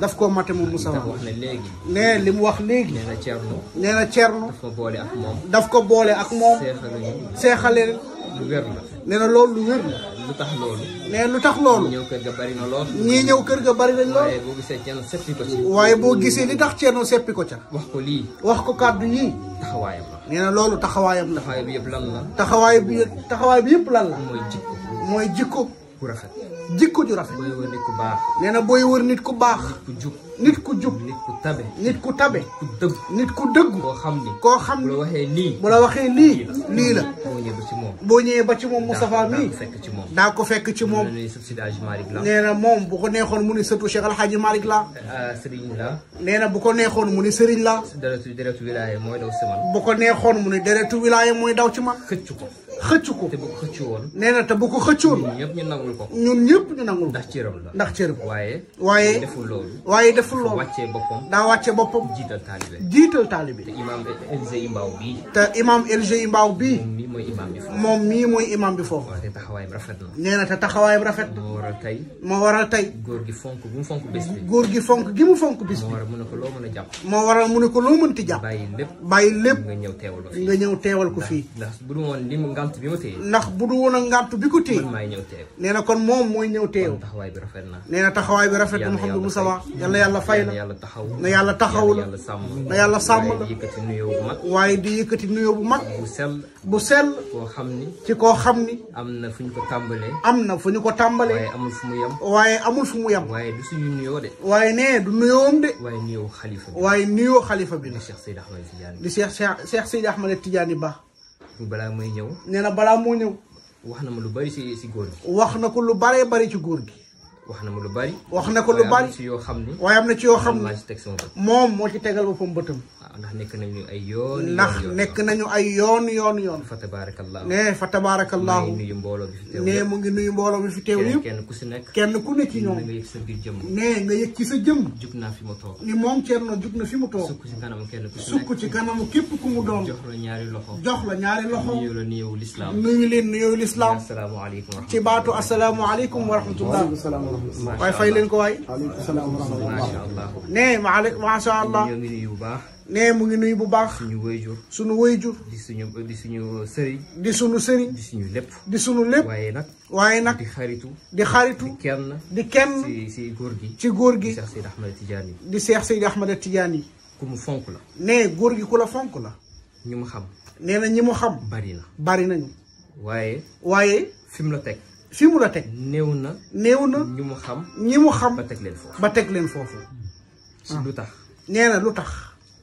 daf koo mate. moom mu sax moom ne léegi nee li mu wax léegi. nee na Thierno. nee na Thierno. daf ko boole ak moom. daf ko boole ak moom. seexale lu wér la. nee na loolu lu wér la. lu tax loolu. nee lu tax loolu. ñëw kër ga bari na lool. ñii ñëw kër ga bari nañ lool. waaye boo gisee Thierno seppi ko ca. waaye boo gisee li tax Thierno seppi ko ca. wax ko lii. wax ko kàddu yii. taxawaayam la. nee na loolu taxawaayam la. taxawaay bi yëpp lan la. taxawaay bi taxawaay bi yëpp lan la. mooy jikko. mooy jikko. bu jikko ju rafet. booy wër ku baax. nee na booy wër nit ku baax. nit ku jub nit ku tabe. nit ku tabe. nit koo xam ni. koo ni bu la waxee ni bu la waxee lii lii la. boo ñëwee ba ci moom. boo ñëwee ba ci moom ko fekk ci moom. nee na moom bu ko neexoon mu ni sëriñ ah, la. nee na bu ko neexoon mu ni sëriñ la. deretu deretu wilaya mooy daw ci man. bu ko neexoon mu ni deretu wilaya mooy daw ci man. xëcc xëccu ko te bu ko xëccu woon. nee na te bu ko xëccu woon. ñun ñëpp ñu nangul ko. ñun ñëpp ñu nangul ko. ndax cëram la ndax cëram. waaye. waaye deful loolu. waaye deful loolu. wàccee boppam. daa wàccee boppam. jiital taalibe. jiital taalibe. te imaam Elgey Mbaaw bii. te mooy imaam bi moom mii mooy imaam bi foofu. waaw te taxawaayam rafet na. nee na te taxawaayam rafet. moo waral tey. moo waral tey. góor gi fonk gi mu fonk bis góor gi fonk gi fonk bi. moo waral mu ko loo a jàpp. moo waral mu ne ko loo mënti jàpp. bàyyi lépp bàyyi lépp nga ñëw teewal ko fii ngànt ndax bu du woon a ngànt bi ko téye man maay ñëw teew nee na kon moom mooy ñëw teew taxawaay bi rafet na nee na taxawaay bi rafet na Mouhamadou Moustapha yal na yàlla fay na yàlla taxaw na yàlla taxaw la na yàlla sàmm la yëkkati nuyoo bu mag waaye di yëkkati nuyoo bu mag bu sell bu sell koo xam ni ci ko xam ni am na fu ñu ko tàmbalee am na fu ñu ko tàmbalee waaye amul fu mu yem waaye amul fu mu yam waaye du suñu nuyoo de nee du nuyoom de waaye nuyoo xalifa bi waaye nuyoo xalifa bi la di Cheikh Seydi Ahmed Tidiane di Cheikh Cheikh Seydi Ahmed Tidiane Ba balaa may ñëw. nee na balaa moo ñëw. wax na ma lu bari si si góor gi. wax na ko lu baree bari ci góor gi. wax na ma lu bari. wax na ko lu bari waaye am na ci yoo xam ni. waaye am na ci yoo xam ni moom moo ci tegal boppam bëtam. waaw ndax nekk nañu ay yoon. ndax nekk nañu ay yoon yoon yoon. fa tabaarakallaahu nee fa tabaarakallaahu. mu ngi nuyu mbooloo bi fi teew nee mu ngi nuyu mbooloo bi fi teew yëpp. kenn ku si nekk kenn ku ne ci ñoom. nga yëg sa biir jëmm. nee nga yëg ci sa jëmm. jug naa fi mu toog. ni moom Thierno jug na fi mu toog. sukk ci kanamu kenn ku si nekk sukk ci kanamu képp ku mu doon. jox la ñaari loxo jox la ñaari loxo. nuyu la nuyoo lislaam nuyu leen nuyoo lislaam. ci baatu asalaamaaleykum wa rahmatullah waaye fay leen ko waay. waaleykum salaam wa rahmatulah. nee macha ngi nuyu bu baax. nee mu ngi nuyu bu baax. suñu wayjur. suñu wayjur. di suñu di suñu sëriñ. di suñu sëriñ. suñu lépp. di suñu lépp. waaye nag. waaye nag di xaritu. di xaritu. di kenn. di kenn. si góor gi. ci góor gi. di Cheikh Seydi Ahmed Tidiane yi. di Cheikh Seydi Ahmed Tidiane yi. ku mu fonk la. nee góor gi ku la fonk la. ñi mu xam. nee na ñi mu xam. bari na bari nañu. waaye. waaye. fi la teg. fi mu la teg. néew na. néew na ñi mu xam. ñi mu xam ba teg leen foofu. ba teg leen foofu. si lu tax. nee na lu tax.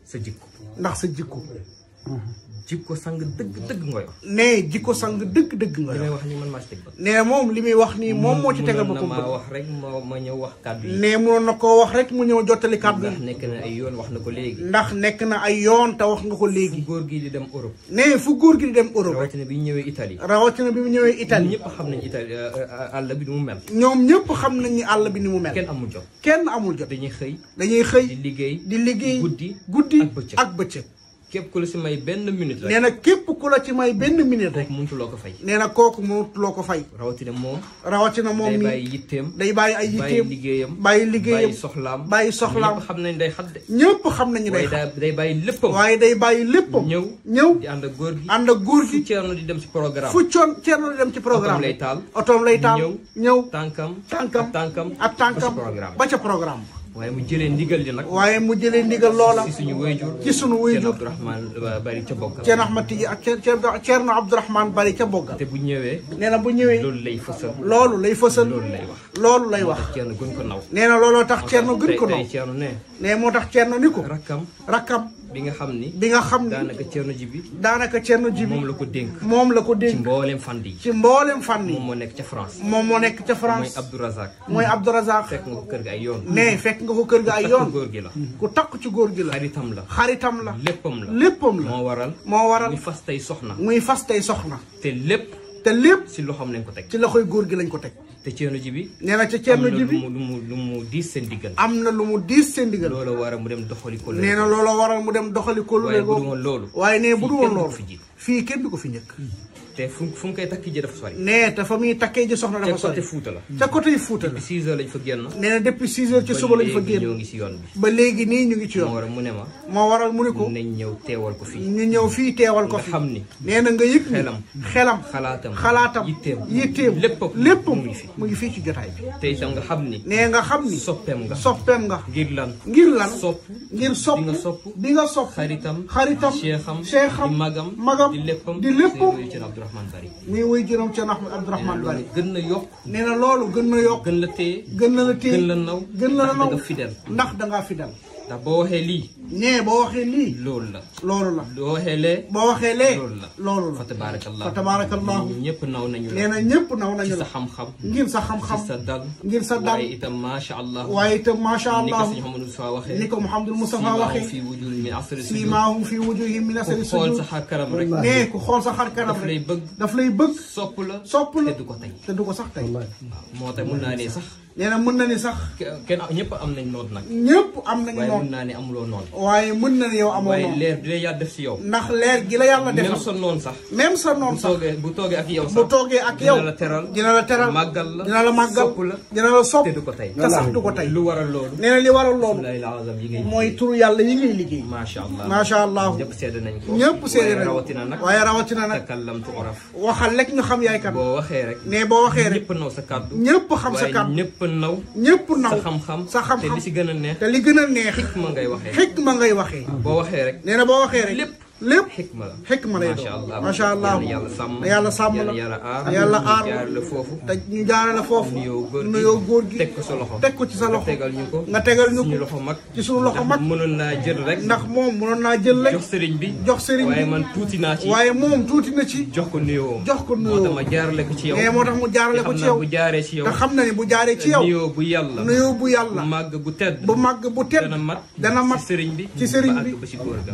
sa jikko ndax sa jikko. Mm-hmm. jikko sang dëgg dëgg nga yor. nee jikko sang dëgg dëgg nga yor. wax nii man maa ci teg nee moom li muy wax nii moom moo ci tegal ba. ko bëgg wax rek ma ma ñëw wax kàddu yi. nee munoon na koo wax rek mu ñëw jottali kàddu ndax nekk na ay yoon wax na ko léegi. ndax nekk na ay yoon te wax nga ko léegi. góor gi di dem Europe. nee fu góor gi di dem Europe. rawatina bi ñu ñëwee Italie. rawatina bi mu ñëwee Italie. ñëpp xam nañu Italie euh, euh, àll bi ni mu mel. ñoom ñëpp xam nañu àll bi ni mu mel. kenn amul jot. kenn amul jot. dañuy xëy. dañuy xëy di liggéey. di liggéey guddi guddi ak bëccëg képp ku la si may benn minute rek. nee na képp ku la ci may benn minute rek. kooku mënutuloo ko fay. nee na kooku mënutuloo ko fay. rawatina moom. rawatina moom mi day bàyyi yitteem. day bàyyi ay yitteem bàyyi liggéeyam. bàyyi liggéeyam bàyyi soxlaam. bàyyi soxlaam ñëpp xam nañ day xat de. ñëpp xam nañu day xat day bàyyi léppam. waaye day bàyyi léppam. ñëw ñëw di ànd ak góor gi. ànd ak góor gi fu ceerno di dem ci programme. fu coon ceerno di dem ci programme. otoom lay taal otoom lay taal. ñëw ñëw. tànkam tànkam ab tànkam ba ca programme waaye mu jëlee ndigal li nag. waaye mu jëlee ndigal loola. ci suñu wayjur ci suñu wayjur. Thierno Abdourahmane euh, bari ca boggal. Thierno Ahmad Tijaan ak Thierno Thierno Abdourahmane bari ca boggal. te bu ñëwee. nee na bu ñëwee loolu lay fësal. loolu lay fësal loolu lay loolu lay wax Thierno gën ko naw. nee na looloo tax Thierno gën ko naw. nee moo tax Thierno ni ko. rakkam rakkam. bi nga xam ni. bi nga xam ni daanaka Thierno Djiby. daanaka Thierno Djiby moom la ko dénk. moom la ko dénk ci mboolem fànn yi. ci fànn yi moom moo nekk ca France. moom moo nekk ca France mooy Abdou Razak. mooy Abdou Razak. fekk nga ko kër gi ay yoon. mais fekk nga ko kër ga ay yoon góor gi la. ku takk ci góor gi la. xaritam la xaritam la. léppam la léppam la. moo waral moo waral muy fas tey soxna. muy fas tey soxna. te lépp. te lépp. si loxoom nañ ko teg. ci loxoy góor gi lañ ko teg. te Thierno Djibi. nee na te Thierno Djibi am lu mu lu mu diis seen diggante. am na lu mu diis seen diggante. loola waral mu dem doxali ko. nee na war a mu dem doxali ko. waaye bu du woon loolu. waaye nee bu du woon loolu fii kenn du ko fi njëkk. te fu fu mu koy takki ji dafa sori. nee te fa muy takkee ji soxna dafa sori. te côté Fouta la. te côté Fouta la. depuis 6 nee na depuis 6 ci suba lañ fa génn. ba léegi ngi si nii ñu ngi ci yoon. moo waral mu ne ma. ne ko. ñëw teewal ko fii. ñu ñëw fii teewal ko fii. nee nga yëg. xelam xalaatam xalaatam. yitteem yitteem lépp mu ngi fii ci jotaay bi. te itam nga xam ni. nee nga xam ni. soppeem nga soppeem nga. ngir lan ngir lan. sopp ngir sopp di nga sopp di nga sopp. xaritam xaritam. seexam seexam magam magam di léppam di léppam Abdourahmane Bari muy woy juróom Cheikh Abdourahmane Bari gën na yokk nee na loolu gën na yokk gën la téye gën na la téye gën la naw gën la naw ndax da ngaa fidèle ndax da ngaa fidèle ndax boo waxee lii. nee boo waxee lii. loolu la loolu la. boo waxee lee. boo waxee lee loolu la loolu la. fa tabaarakallah fa tabaarakallah. ñëpp naw nañu la nee na ñëpp naw nañu la. ci sa xam-xam. ngir sa xam-xam ngir sa dal. ngir sa dal waaye itam macha allah. waaye itam macha allah ni ko sëñ Mouhamadou Moustapha waxee. ni ko Mouhamadou Moustapha waxee. siimaahum fii wujuuhihim min asari sujuud. ku xool sa xar kanam rek. nee ku xool sa xar kanam rek. daf lay bëgg. daf lay bëgg. sopp la sopp la te du ko tey. te du ko sax tey. moo tax mun naa ne sax nee na mën na ni sax. kenn ñëpp am nañ noot nag. ñëpp am nañu noot waaye mën naa ne amuloo noon. waaye mën na ne yow amoo noon. waaye leer gi la yàlla def si yow. ndax leer gi la yàlla def. même sa noon sax. même sa noon sax bu toogee bu toogee ak yow sax. bu toogee ak yow dina la teral dina la teral. màggal la dina la màggal sopp la dina la sopp. te du ko tey te sax du ko tey. lu waral loolu. nee na li waral loolu. mooy turu yàlla yi ngay liggéey. macha allah macha allah. ñëpp seede nañ ko. ñëpp seede nañ ko waaye rawatina nag. takallam tu oraf. waxal rek ñu xam yaay kan. boo waxee rek. mais boo waxee rek ñëpp xam sa kàddu ñëpp naw. ñëpp naw sa xam-xam sa xam-xam te li si gën a neex. te li gën a neex xikma ngay waxee. xikma ngay waxee. boo waxee rek. nee na boo waxee rek lépp. lépp xikma lay doon macha allah yàlla sàmm la yàlla aar te ñu jaare la foofu nuyoo góor gi teg ko sa loxo teg ko ci sa loxo nga tegal ñu ko ci suñu loxo mag mënoon naa jël rek ndax moom mënoon naa jël rek jox sëriñ bi jox sëriñ bi waaye man tuuti naa ci waaye moom tuuti na ci jox ko nuyoo jox ko nuyoo moo tax ma jaarale ko ci yow mais eh, moo tax mu jaarale ko ci yow bu jaaree ci yow te xam na ne bu jaaree ci yow nuyoo bu yàlla nuyoo bu yàlla màgg bu tedd bu màgg bu tedd dana mat dana mat sëriñ bi ci sëriñ bi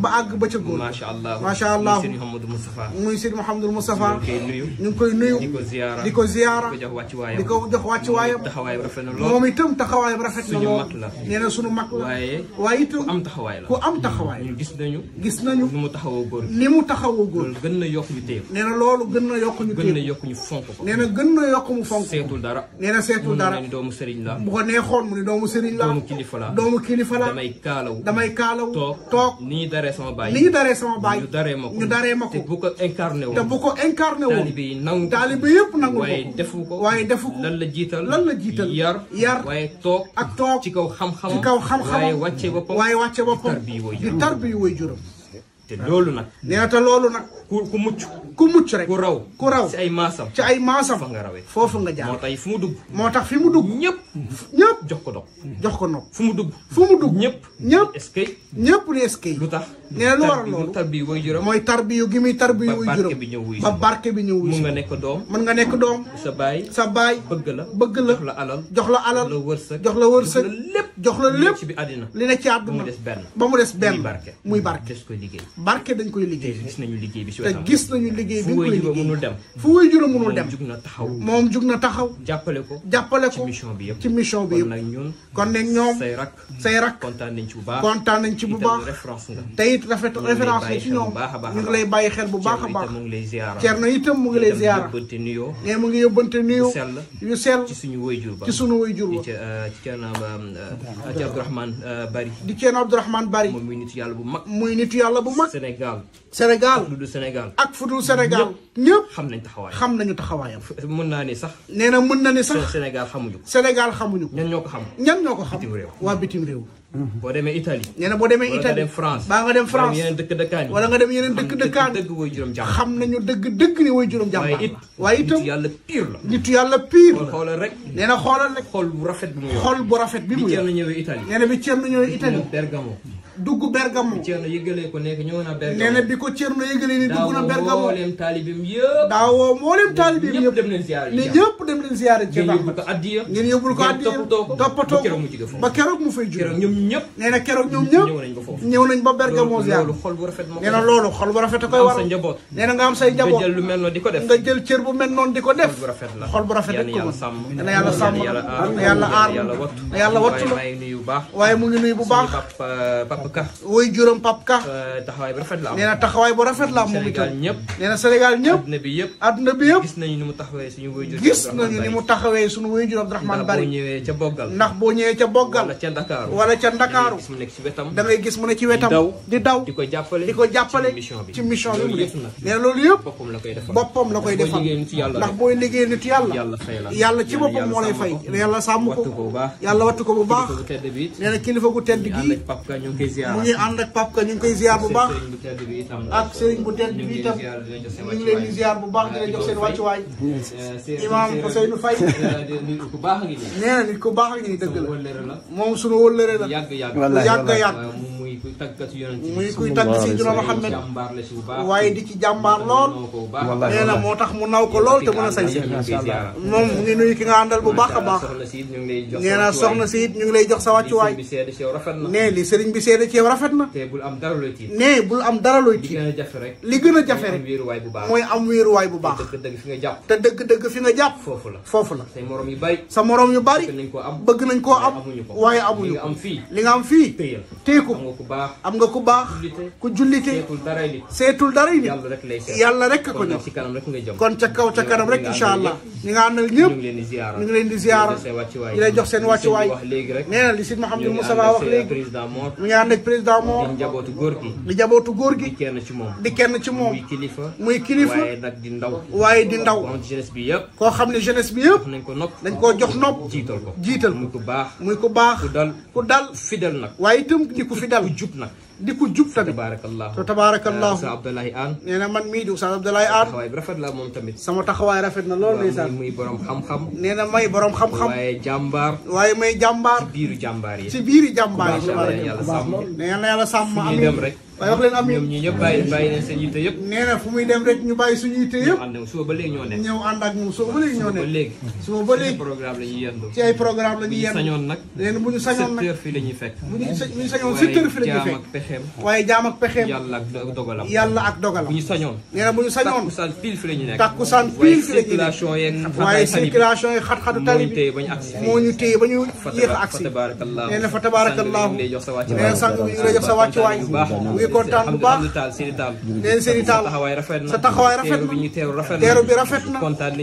ba àgg ba ci góor allah macha allah muy Sëriñ Mouhamadou Moustapha muy Sëriñ Mouhamadou Moustapha ñu ngi koy nuyu di ko ziyaara di ko ziyaara di ko jox wàcc waayam taxawaayam rafet na lool moom itam taxawaayam rafet na lool nee na suñu mag la waaye waaye itam ku am taxawaay la ku am taxawaay ñu gis nañu gis nañu ni mu taxawoo góor ni mu taxawoo góor gën na yokk ñu téye nee na loolu gën na yokk ñu téye gën na yokk ñu fonk ko nee na gën na yokk mu fonk seetul dara nee na seetul dara doomu sëriñ la bu ko neexoon mu ni doomu sëriñ la doomu kilifa la doomu kilifa la damay kaalaw damay kaalaw toog toog ni ñu daree sama baay ni ñu daree sama bàyyi ñu daree ma ko ñu daree ma ko te bu ko incarné woon te bu ko incarné yëpp nangu waaye defu ko waaye defu ko la jiital lan la jiital yar yar waaye toog ak toog ci kaw xam-xam ci kaw xam-xam waaye wàcce boppam waaye wàcce boppam di tar bi woy juróom te loolu nag nee ku ku mucc ku mucc rek ku raw ku raw ci ay maasam ci ay maasam nga rawee foofu nga jaar moo tax fi mu dugg moo tax fi mu dugg ñëpp jox ko dog jox ko nopp fu mu dugg fu mu dugg ñëpp ñëpp est-ce que ñëpp ni est-ce que lu tax nee na lu waral loolu tarbiyu way juróom mooy tarbiyu gi muy tarbiyu way juróom ba barke bi ñëw wuy mën nekk doom mën nga nekk doom sa baay sa baay bëgg la bëgg la jox la alal jox la alal jox la wërsëg lépp jox la lépp li ne ci àdduna ba mu des benn muy barke muy barke dañ koy liggéey barke dañ koy liggéey gis nañu liggéey bi te gis nañu liggéey bi koy liggéey mënul dem fu way juróom mënul dem jug na taxaw moom jug na taxaw jàppale ko jàppale ko ci mission bi yëpp ci mission bi yëpp ñun kon nag ñoom say rak say rak kontaan nañ ci bu baax kontaan nañ ci bu baax te it rafet référence nga ci ñoom ñu ngi lay bàyyi xel bu baax a baax Cerno itam mu ngi lay ziyaara mais mu ngi yóbbante nuyoo yu sell ci suñu way jur ba ci suñu way jur ba di Cerno euh, euh, euh, Abdourahmane Bari moom muy nitu yàlla bu mag muy nitu yàlla bu mag Sénégal Sénégal ak fudul Sénégal. ak fudul Sénégal ñëpp. xam nañ taxawaayam xam nañu taxawaayam. mën naa ni sax. nee na mën na ni sax Sénégal xamuñu ko. Sénégal xamuñu ko. ñan ñoo ko xam. ñan ñoo ko xam bitim réew. waa bitim réew. Mm-hmm. boo demee Italie. nee na boo demee Italie dem France. baa nga dem France yeneen dëkk dëkkaan wala nga dem yeneen dëkk dëkkaan xam nañu dëgg dëgg ni way juróom jàmbaar la waaye itam nitu yàlla pire la nitu yàlla pire la xoolal rek nee na xoolal rek xol bu rafet bi mu yor xol bu rafet bi mu yor nee na bi ceeb na ñëwee Italie Bergamo dugg Bergamo. Thierno yëgalee ko nekk ñëw na Bergamo. nee na bi ko Thierno yëgalee ni dugg na Bergamo. daawoo mboolem taalibim yëpp. daawoo mboolem taalibim yëpp ñëpp dem leen ziare. ne dem leen ziare. ngeen yóbbul ko addiya. ngeen yóbbul ko addiya toppatoo ko ba keroog mu fay jóge. keroog ñoom na keroog ñoom ñëpp ñëw ñëw nañ ba Bergamo ziare. loolu na loolu xol bu rafet a koy waral. am nga am say njaboot. nga jël di ko def. nga jël cër bu mel noonu di ko def. xol bu rafet la na yàlla sàmm na yàlla aar na yàlla wattu waaye Papa Ka. woy juróom Papa Ka. Euh, taxawaay bu rafet la am nee na taxawaay bu rafet la am moom itam. Sénégal ñëpp. nee na Sénégal ñëpp. adduna bi yëpp. adduna bi yëpp. gis nañu ni mu taxawee suñu woy jur. gis nañu ni mu taxawee suñu woy jur Abdourahmane Bari. ndax boo ñëwee ca Boggal. ndax boo ñëwee ca Boggal. wala ca Ndakaaru. wala ca Ndakaaru. mu nekk ci wetam. da ngay gis mu ne ci wetam. di daw di ko jàppale. di ko jàppale ci mission bi mu def. nee na loolu yëpp. boppam la koy defal boppam la koy defal. ndax booy liggéey nit yàlla. yàlla ci boppam moo lay fay. yàlla sàmm ko yàlla wattu ko bu baax. nee na kilifa gu tedd gi ziar mu ngi ànd ak Pape Ka ñu ngi koy ziar bu baax ak Serigne bu tedd bi itam ñu ngi leen di ziar bu baax di leen jox seen wàccuwaay. Eh, Imaam Ousseynou Faye eh, nee na nit ku baax a ngi nii dëgg la moom sunu wëllëre la yàgg yàgg. muy kuy tàggat yonent bi muy kuy la si bu baax waaye di ci jàmbaar lool nee na moo tax mu naw ko lool te mën a sañ si moom mu ngi nuyu ki nga àndal bu baax a baax nee na soxna si it ñu ngi lay jox sa wàccuwaay nee li sëriñ bi seede ci rafet na nee bul am dara looy tiit li gën a jafe rek mooy am wéeruwaay bu baax te dëgg-dëgg fi nga jàpp foofu la sa moroom yu bari bëgg nañ koo am waaye amuñu li nga am fii téye baax am nga ku baax ku jullite seetul dara yi nit yàlla rek ko ñor kon ca kaw ca kanam rek incha allah ñi nga àndal ñëpp ñu ngi leen di ziara ñu lay jox seen wàccuwaay nee na li si Mouhamadou Moussa wax léegi ñu ngi ànd ak président Mor di jabootu góor gi di jabootu góor gi di kenn ci moom di kenn ci moom muy kilifa waaye nag di ndaw waaye di ndaw koo xam ne jeunesse bi yëpp dañ koo jox nopp jiital ko muy ku baax muy ku baax ku dal fidèle nag waaye itam di ku fidèle jub nag di ku jub tamit tabaarakallah to tabaarakallah sa Abdoulaye Anne nee na man mii di Oustaz Abdoulaye Anne taxawaay bi rafet la moom tamit sama taxawaay rafet na lool ndeysaan muy borom xam-xam nee na may borom xam-xam waaye jàmbaar waaye may jàmbaar ci biiru jàmbaar yi ci biiru jàmbaar yi nee na yàlla sàmm am dem rek waaye wax leen am ñoom ñii yëpp bàyyi bàyyi nañ seen yitte yëpp nee na fu muy dem rek ñu bàyyi suñu yitte yëpp suba ba léegi ñoo nekk ñëw ànd ak moom suba ba léegi ñoo nekk ba léegi suba ba léegi programme la ñuy yendoo ci ay programme la ñuy yendoo sañoon nag nee na bu ñu sañoon nag fii la ñuy fekk bu ñu sañoon sept heures fii la ñuy fekk pexeem waaye jaam ak pexeem yàlla ak dogalam yàlla ak dogalam bu ñu sañoon nee na bu ñu sañoon takkusaan pile fi la ñuy nekk takkusaan pile fi la ñuy nekk waaye circulation yi xat-xatu tali bi moo ñu téye ba ñu yéex a agsi nee na fa tabarakallahu nee na sang bi ñu la jox sa wàccuwaay di kontaan bu baax taal seeni taal neen seeni taal taxawaay rafet na sa taxawaay rafet na teeru bi rafet na kontaan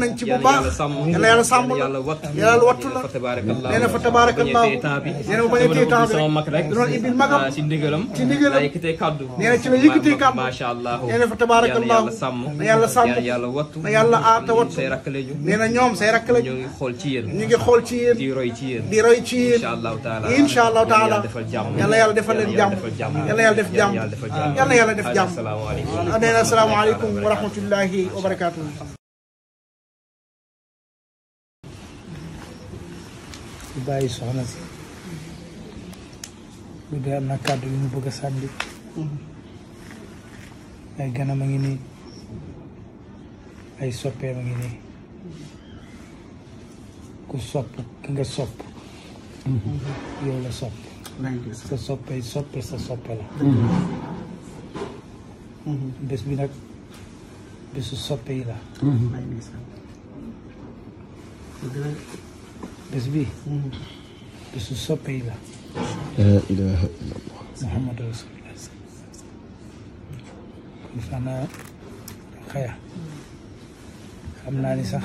nañ ci bu baax yàlla yàlla sàmm la yàlla wattu la nee na fa tabaarakallah nee na ma bañ a téye temps bi sama mag rek doon ibil magam ci ndigalam ci ndigalam nee na ci la yëkkatee kàddu macha allah nee na fa tabaarakallah na yàlla sàmm na yàlla aata wattu nee na ñoom say rakk la ñu ngi xool ci yéen ñu ngi xool ci yéen di roy ci yéen di roy ci yéen incha allahu taala yàlla yàlla defal leen jàmm yàlla def jàmm yal na yàlla def jàmm soxna si bu dee am na kàddu yu mu bëgg a sànni ay ganam ay soppeem a ku sopp ki nga sopp mm-hmm. yow la sopp sa soppe soppe sa soppe la bés bi nag bésu soppe yi la bés bi bésu soppe yi la xaya xam naa ni sax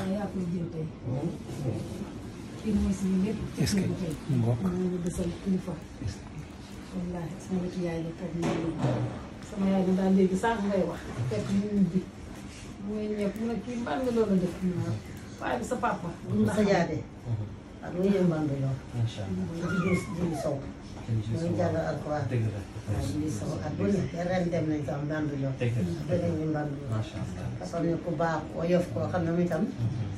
est-ce que mu bokk wallaahi sama wetu yaay la toog nii sama yaay la daal léegi sànq ngay wax fekk ñu ubbi mu ngay ñëpp mu ne kii mbaa nga loolu def waaye bi sa papa sa yaadee ak lu mooy jàngal alxuraan waaye jigéen sow at bu ne ren dem nañ tam mbaa nga lool beneen ñi mbaa nga lool parce que ku koo xam ne mu itam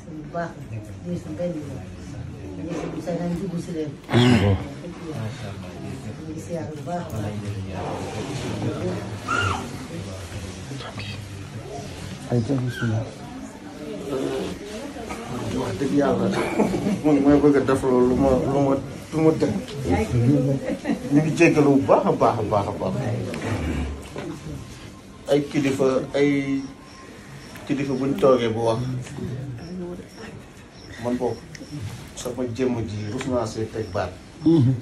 su baax la jigéen su benn lool ay jërëjëf. wax dëgg yàlla mooy bëgg a def loolu ma lu ma dëgg. ñu ngi jéggalu baax a baax a baax a baax. ay kilifa ay kilifa buñ toogee bu wax man boobu. sama jëmm ji rus naa see teg baat. mais mhm.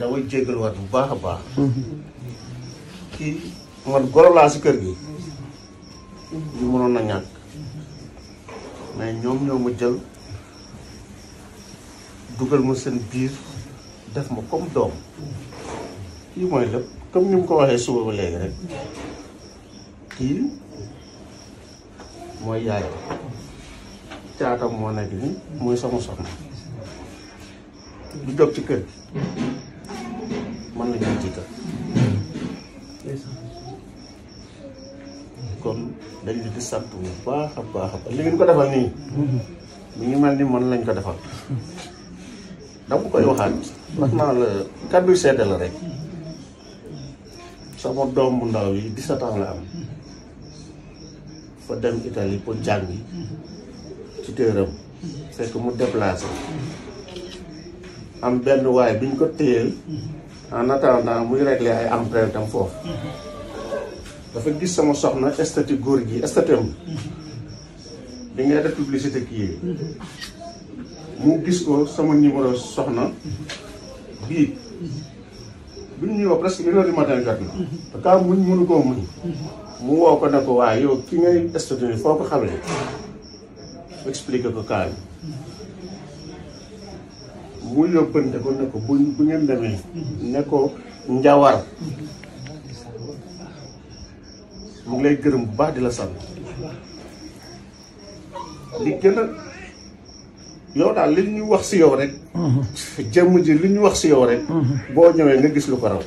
damay jégaluwaat bu baax a baax. Mhm. kii man goro laa si kër gi. ñu mënoon na ñàkk. mais ñoom ñoo ma jël dugal ma seen biir def ma comme doom kii mooy lépp comme ni mu ko waxee suba ba léegi rek mooy yaay. caatam moo nekk nii mooy sama soxna du jóg ci kër mën na jóg kon dañ leen di sant bu baax a baax a baax li ngeen ko defal nii mi ngi mel ni man lañ ko defal dama koy waxaat wax naa la kàddu seede la rek sama doom bu ndaw yi 17 ans la am fa dem Italie pour jàng yi ci téeram c'est que mu déplacé am benn waay bi ñu ko téyeel en attendant muy régler ay empreinte am foofu dafa gis sama soxna estati góor gi estatem bi ngay def publicité kii mu gis ko sama numéro soxna bii bi ñu presque une heure du na kaa muñ mënu koo muñ mu woo ko ne ko waaye yow ki ngay estati foo ko xamee expliqué ko kaa yi mu yóbbante ko ne bu bu ngeen demee ne ko njawar mu ngi lay gërëm bu baax di la sant li gën a yow daal li ñu wax si yow rek jëm ji li ñu wax si yow rek boo ñëwee nga gis lu ko raw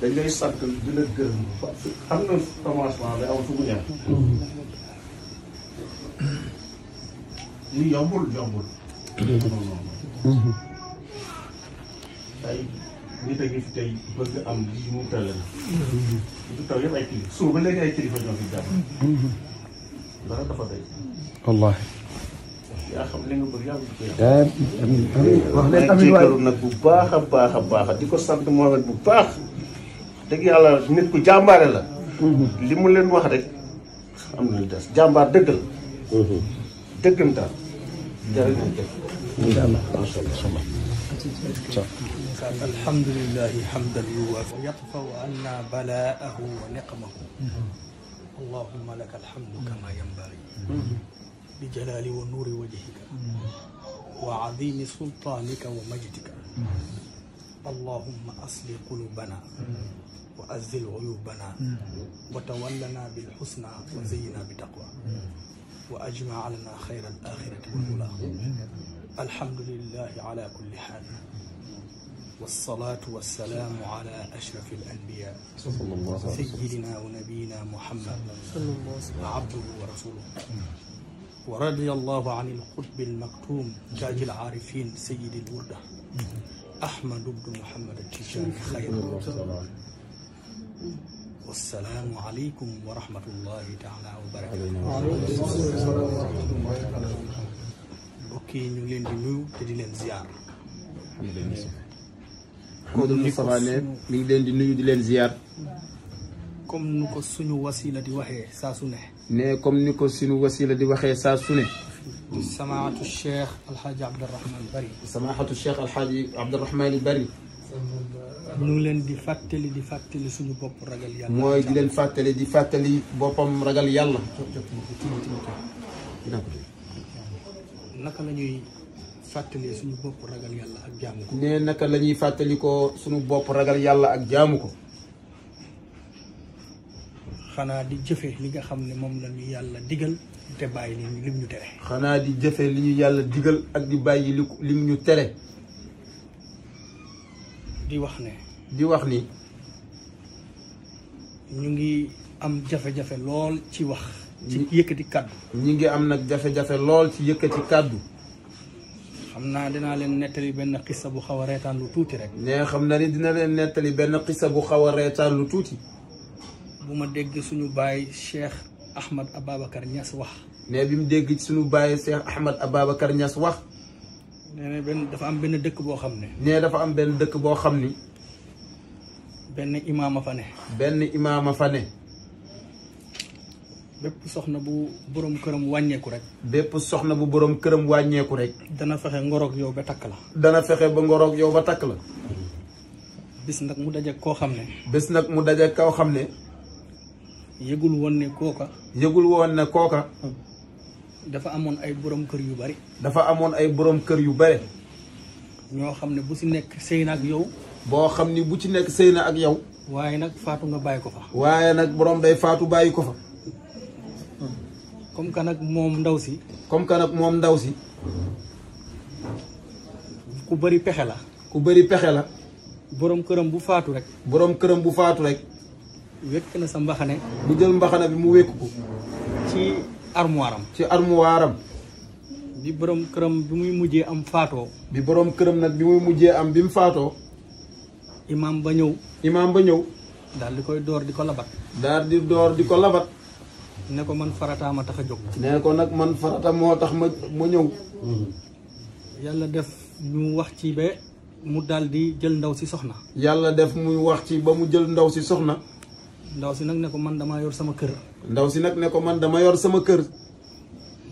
dañ lay sant di la gërëm am na commencement mais amul fu mu ñëw. li yombul yombul. non tey nit a ngi fi tey bëgg am lii mu tële la. li taw yëpp ay kilifa suba ba léegi ay kilifa ñoo fi jàpp. yaa xam li nga bëgg yaa ngi koy nag bu baax a baax a di ko sant Mohamed bu baax. dëgg yàlla nit ku jàmbaare la. Mm-hmm. li mu leen wax rek am na lu des jàmbaar dëgg la. Mm-hmm. dëggantaan jërëjëf. incha allah macha allah. alhamdulilahi hamdan yuwaafi yatfau anna balaahu wa niqmahu mm-hmm. allahumma laka alhamdu kama yanbaghi bi jalaali wa nuuri wajhika wa azimi sultaanika wa majdika allahumma asli qulubana wa azil uyubana wa tawallana bil husna wa zayyina bi taqwa wa ajma alana xayra al axirati wal ula alhamdulillahi ala kulli xaal والصلاة والسلام على أشرف الأنبياء سيدنا ونبينا محمد عبده ورسوله ورضي الله عن القطب المكتوم تاج العارفين سيد الوردة أحمد بن محمد التجاني خير wassalaamu aleykum wa rahmatullahi taala wa barakatu mbokk yi ñu ngi leen di nuyu te di leen ziar Modou Moustapha ne mi ngi leen di nuyu di leen ziar comme ni ko suñu wasila di waxee saa su ne ne comme ni ko suñu wasila di waxee saa su ne di samaatu cheikh alxaaji abdurahman bari samaatu cheikh alxaaji abdurahman bari ñu leen di fàttali di fàttali suñu bopp ragal yàlla. mooy di leen fàttali di fàttali boppam ragal yàlla. naka la suñu bopp ragal yàlla ak jaamu ko. naka la ñuy fàttali suñu bopp ragal yàlla ak jaamu ko. xanaa di jëfe li nga xam ne moom la yàlla digal te bàyyi xanaa di jëfe li ñu digal ak di bàyyi li mu ñu tere. di wax ne. di wax ni ñu ngi am jafe-jafe lool ci wax ci yëkkati kàddu ñu ngi am nag jafe-jafe lool ci yëkkati kàddu xam naa dinaa leen nettali benn xissa bu xaw a reetaan lu tuuti rek ne xam na ni dina leen nettali benn xissa bu xaw a reetaan tuuti bu ma dégg suñu baay Cheikh Ahmad Ababacar ñas wax ne bi mu dégg suñu baay Cheikh Ahmad Ababacar Niass wax nee na benn dafa am benn dëkk boo xam ne nee dafa am benn dëkk boo xam ni benn imaama fa ne. benn imaama fa ne. bépp soxna bu boroom këram wàññeeku rek. bépp soxna bu borom këram wàññeeku rek. dana fexe ngoroog yow ba takk la. dana fexe ba ngoroog yow ba takk la. bis nag mu daje koo xam ne. bis nag mu daje koo xam ne. yëgul woon ne kooka. yëgul woon ne kooka. dafa amoon ay boroom kër yu bari. dafa amoon ay boroom kër yu bare ñoo xam ne bu si nekk sëy na ak yow. boo xam ni bu ci nekk sëy na ak yow. waaye nag faatu nga bàyyi ko fa. waaye nag borom day faatu bàyyi ko fa. comme que nag moom ndaw si. comme que nag moom ndaw si. ku bari pexe la. ku bari pexe la. boroom këram bu faatu rek. borom këram bu faatu rek. wékk na sa mbaxane. mu jël mbaxane bi mu wékk ko. ci armoire am. ci armoire bi borom këram bi muy mujjee am faatoo. bi borom këram nag bi muy mujjee am bi mu faatoo. imam ba ñëw. imaam ba ñëw. daal di koy door di ko labat. daal di door di ko labat. ne ko man farataa ma tax a jóg. ne ko nag man farata moo tax ma ma ñëw. Hmm. yàlla def ñu wax ci ba mu daal di jël ndaw si soxna. yàlla def muy wax ci ba mu jël ndaw si soxna. ndaw si nag ne ko man dama yor sama kër. ndaw si nag ne ko man dama yor sama kër.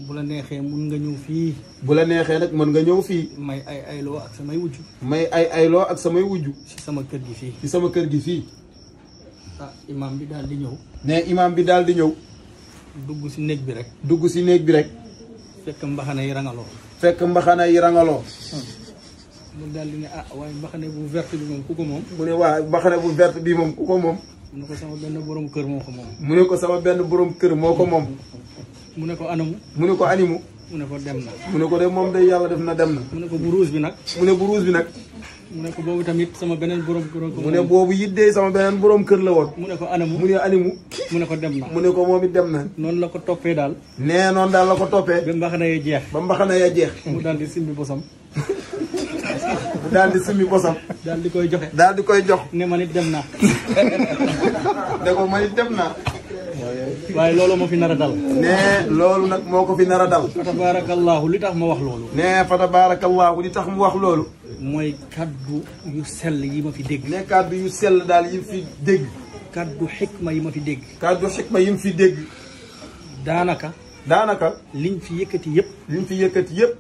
bu la neexee mun nga ñëw fii. bu la neexee nag mën nga ñëw fii. may ay ayloo ak samay wujju. may ay ayloo ak samay wujju. ci sama kër gi fii. ci sama kër gi fii. ah bi daal di ñëw. ne imam bi daal di ñëw. dugg si néeg bi rek. dugg si néeg bi rek. fekk mbaxana yi rangaloo. fekk mbaxana yi rangaloo. Hmm. mu daal di ne ah waaye mbaxane bu vert bi moom ku ko moom. mu ne waaw mbaxane bu vert bi moom ku ko moom. mu ne ko sama benn borom kër moo mu ne ko sama benn borom kër moo ko moom. Hmm. mu ne ko anamu. mu ne ko animu. mu ne ko dem na. mu ne ko de moom day yàlla def na dem na. mu ne ko bu ruus bi nag. mu ne bu ruus bi nag. mu ne ko boobu tamit sama beneen borom kër mu boobu it de sama beneen borom kër la woon. mu ne ko anamu mu ne animu. mu ne ko dem na mu ne ko moom it dem na. noonu la ko toppee daal. nee noon daal la ko toppee. ba mbaxana ya jeex. ba mbaxana ya jeex. mu daal di simbi bosam. daal di simbi bosam. daal di koy joxe. daal di koy jox. ne ma nit dem naa. ne ko ma dem na waaye loolu moo fi nar a dal ne loolu nag moo ko fi nara a dal fa tabaarakallaahu li tax ma wax loolu ne fa tabaarakallaahu li tax mu wax loolu mooy kaddu yu sell yi ma fi dégg ne kaddu yu sell daal yi fi dégg kaddu xikma yi ma fi dégg kaddu xikma yi mu fi dégg daanaka daanaka liñ fi yëkkati yëpp liñ fi yëkkati yëpp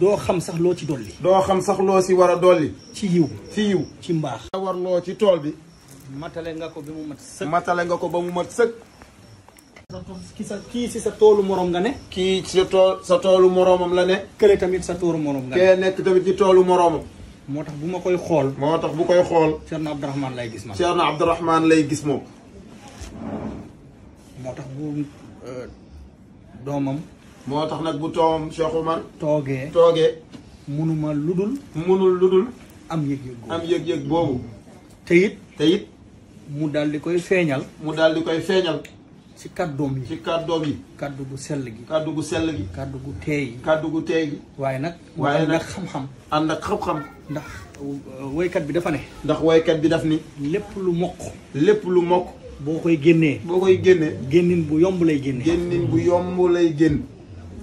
doo xam sax loo ci dolli doo xam sax loo si war a dolli ci yiw ci yiw ci mbaax war loo ci tool bi matale nga ko ba mu mat sëkk. nga ko ba mu mat sëkk. kii si sa toolu moroom nga ne. kii si tool sa toolu moromam la ne. kële tamit sa toolu morom nga ne. kee nekk tamit ci toolu moromam. moo tax bu ma koy xool. moo tax bu koy xool. Thierno Abdourahmane lay gis ma. Thierno Abdourahmane lay gis moom. moo tax bu euh, doomam. moo tax nag bu toom Cheikh Oumar. toogee toogee. munuma ludul. munul ludul. am yëg-yëg am yëg-yëg boobu. te it mu daal di koy feeñal. mu daal di koy feeñal. ci kàddoom yi ci kàddoom yi. kàddu gu sell gi. kàddu gu sell gi. kàddu gu teey kàddu gu teey waaye nag. waaye nag xam-xam. ànd ak xam-xam. ndax euh, woykat bi dafa ne. ndax woykat bi daf ni. lépp lu mokk. lépp lu mokk. boo koy génnee. boo koy génnee. génnin bu yomb lay génne. génnin bu yomb lay génn.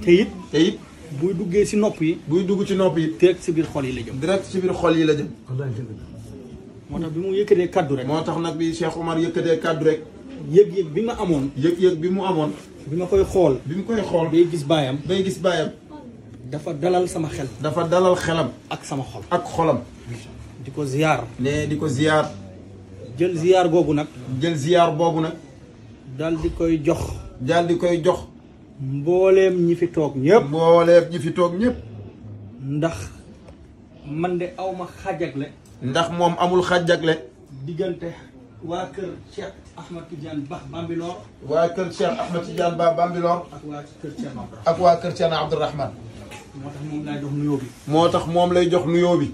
te it. te it buy duggee ci nopp yi. buy dugg ci nopp yi. direct ci biir xol yi la jëm. direct ci biir xol yi la jëm. moo tax bi mu yëkkatee kaddu rek. moo tax nag bi Cheikh Omar yëkkatee kaddu rek. yëg-yëg bi ma amoon. yëg-yëg bi mu amoon. bi ma koy xool. bi mu koy xool day gis baayam. day gis baayam. dafa dalal sama xel. dafa dalal xelam. ak sama xol ak xolam. di ko ziyaar. ne di ko ziyaar. jël ziyaar boobu nag. jël ziyaar boobu nag. daal di koy jox. daal di koy jox. mbooleem ñi fi toog ñëpp. mbooleem ñi fi toog ñëpp. ndax man de aw ma xaajale. ndax moom amul xàjjagle diggante waa kër Cheikh Ahmad Tidiane Ba Bambilor waa kër Cheikh Ahmad Tidiane Ba Bambilor ak waa kër Cheikh ak waa kër Cheikh Abdourahman moo tax moom lay jox nuyoo bi moo tax moom lay jox nuyoo bi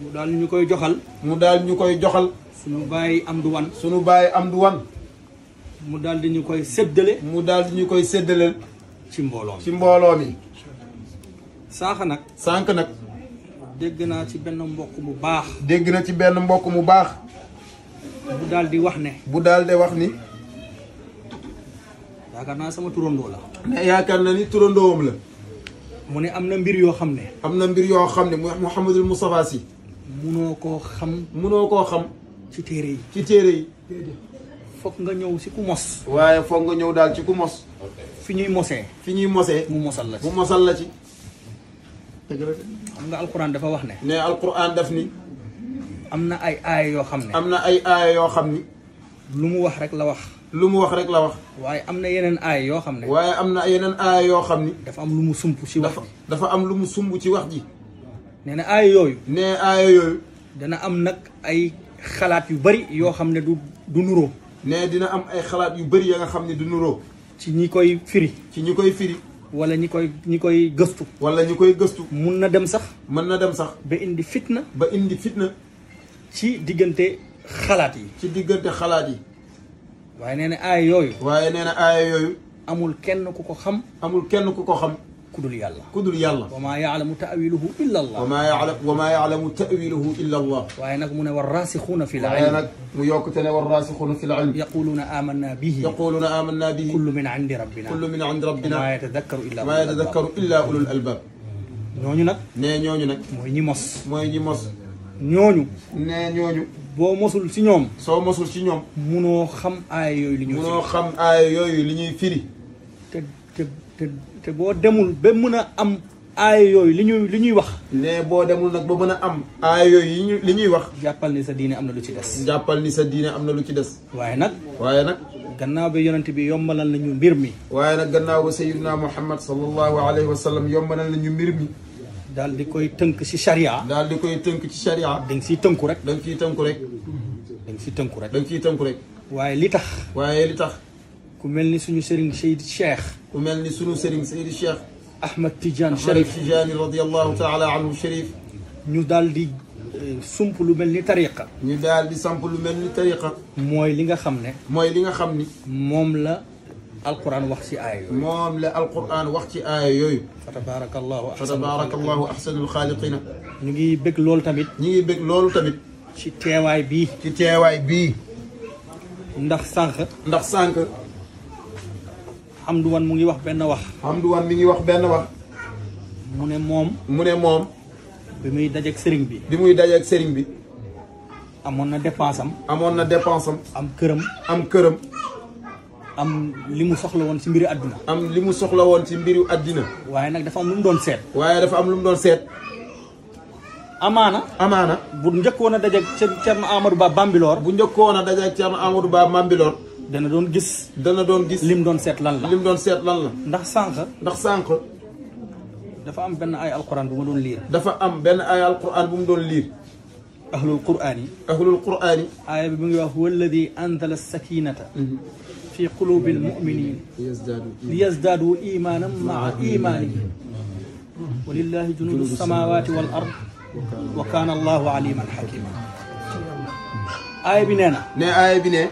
mu daal ñu koy joxal mu daal ñu koy joxal suñu bàyyi am du wan suñu bàyyi am du wan mu daal di ñu koy séddale mu daal di ñu koy séddaleel ci mbooloo mi ci mbooloo mi sànq nag sànq nag dégg naa ci benn mbokk mu baax. dégg na ci benn mbokk mu baax. bu daal di wax ne. bu daal di wax ni. yaakaar naa sama turandoo la. ne yaakaar na ni turandoowam la. mu ne am na mbir yoo xam ne. am na mbir yoo xam ne mu Mouhamadul Moustapha Sy. munoo koo xam. munoo koo xam. ci téere yi ci téere yi. foog nga ñëw si ku mos. waaye foog nga ñëw daal ci ku mos. fi ñuy mosee. fi ñuy mosee. mu mosal la ci mu mosal la ci. dëgg la xam wax ne. ne alquran daf ni. am na ay aaya yoo xam ne. am na ay aaya yoo xam ni. lu mu wax rek la wax. lu mu wax rek la wax. waaye am na yeneen aaya yoo xam ne. waaye am na yeneen aaya yoo xam ni. dafa am lu mu sumb ci wax ji dafa am lu mu sumb ci wax ji. nee na aaya yooyu. nee aaya yooyu. dana am nag ay xalaat yu bari yoo xam ne du nuroo. nee dina am ay xalaat yu bari ya nga xam ne du nuroo. ci ñi koy firi. ci ñi koy firi. wala ñi koy ñi koy gëstu wala ñi koy gëstu mun na dem sax mën na dem sax ba indi fitna ba indi fitna ci diggante xalaat yi ci diggante xalaat yi waaye nee na aaya yooyu waaye nee na aaya yooyu amul kenn ku ko xam amul kenn ku ko xam kudul yàlla kudul yàlla wa maa yaalamu taawiluhu illa allah wa maa yaalamu taawiluhu illa allah waaye nag mu ne war raasixuuna fi l ilm waaye nag mu yokkute ne war raasixuuna fi l ilm yaquluuna amanna bihi yaquluuna amanna bihi kullu min indi rabbina kullu min indi rabbina maa yatadakkaru illa maa yatadakkaru illa ulul albab ñooñu nag nee ñooñu nag mooy ñi mos mooy ñi mos ñooñu nee ñooñu boo mosul ci ñoom soo mosul ci ñoom munoo xam aaya yooyu li ñuy munoo xam aaya yooyu li ñuy firi te te te te boo demul ba mën a am aaya yooyu li ñuy li ñuy wax. ne boo demul nag ba mën a am. aaya yooyu li ñuy wax. jàppal ni sa diine am na lu ci des. jàppal ni sa diine am na lu ci des. waaye nag. waaye nag. gannaaw bi yonent bi yombalal nañu mbir mi. waaye nag gannaaw ba sayyidina Muhammad sallallahu alayhi wa sallam yombalal nañu mbir mi. daal di koy tënk ci charia. daal di koy tënk ci charia. da nga siy tënku rek. da nga tënku rek. da siy tënku rek. da nga tënku rek. waaye li tax. ku mel ni suñu sëriñ Seydi Cheikh. ku mel ni suñu sëriñ Seydi Cheikh. Ahmad Tidiane Cherif Ahmad Tidiane radiyallahu taala anhu Cherif. ñu daal di euh, sump lu mel ni tariqa. ñu daal di samp lu mel ni tariqa. mooy li nga xam ne. mooy li nga xam ni. moom la. alquran wax ci aaya yooyu moom la alquran wax ci aaya yooyu fa tabaarakallahu fa tabaarakallahu ahsanul xaaliqina ñu ngi bëgg loolu tamit ñu ngi bëgg loolu tamit ci teewaay bii ci teewaay bii ndax sànq ndax sànq Hamdou wan mu ngi wax benn wax. Hamdou Wane mi ngi wax benn wax. mu ne moom. mu ne moom. bi muy dajeeg sëriñ bi. bi muy sëriñ bi. amoon na dépense am. amoon na dépense am. këram. am këram. am li mu soxla woon ci mbiru àddina. am li mu soxla woon ci mbiru àddina. waaye nag dafa am lu mu doon seet. waaye dafa am lu mu doon seet. amaana. amaana. bu njëkkoon a dajeeg Thierno Amadou Ba Bambilor. bu njëkkoon a dajeeg Thierno Amadou Ba Bambilor. dana doon gis. dana doon gis lim doon seet lan la. lim doon seet lan la. ndax sànq. ndax sànq. dafa am benn ay alquran bu ma doon liir. dafa am benn ay alquran bu mu doon liir. ahlul qur'aan yi. ahlul qur'aan yi. aaya bi mu ngi wax huwa alladi anzala sakinata. Mhm. fi qulubi almuminin. liyazdadu imanan maa imanihim. walillahi junudu samawati wal ard. wa kaana allahu aliman hakima. aaya bi nee na. ne aaya bi ne.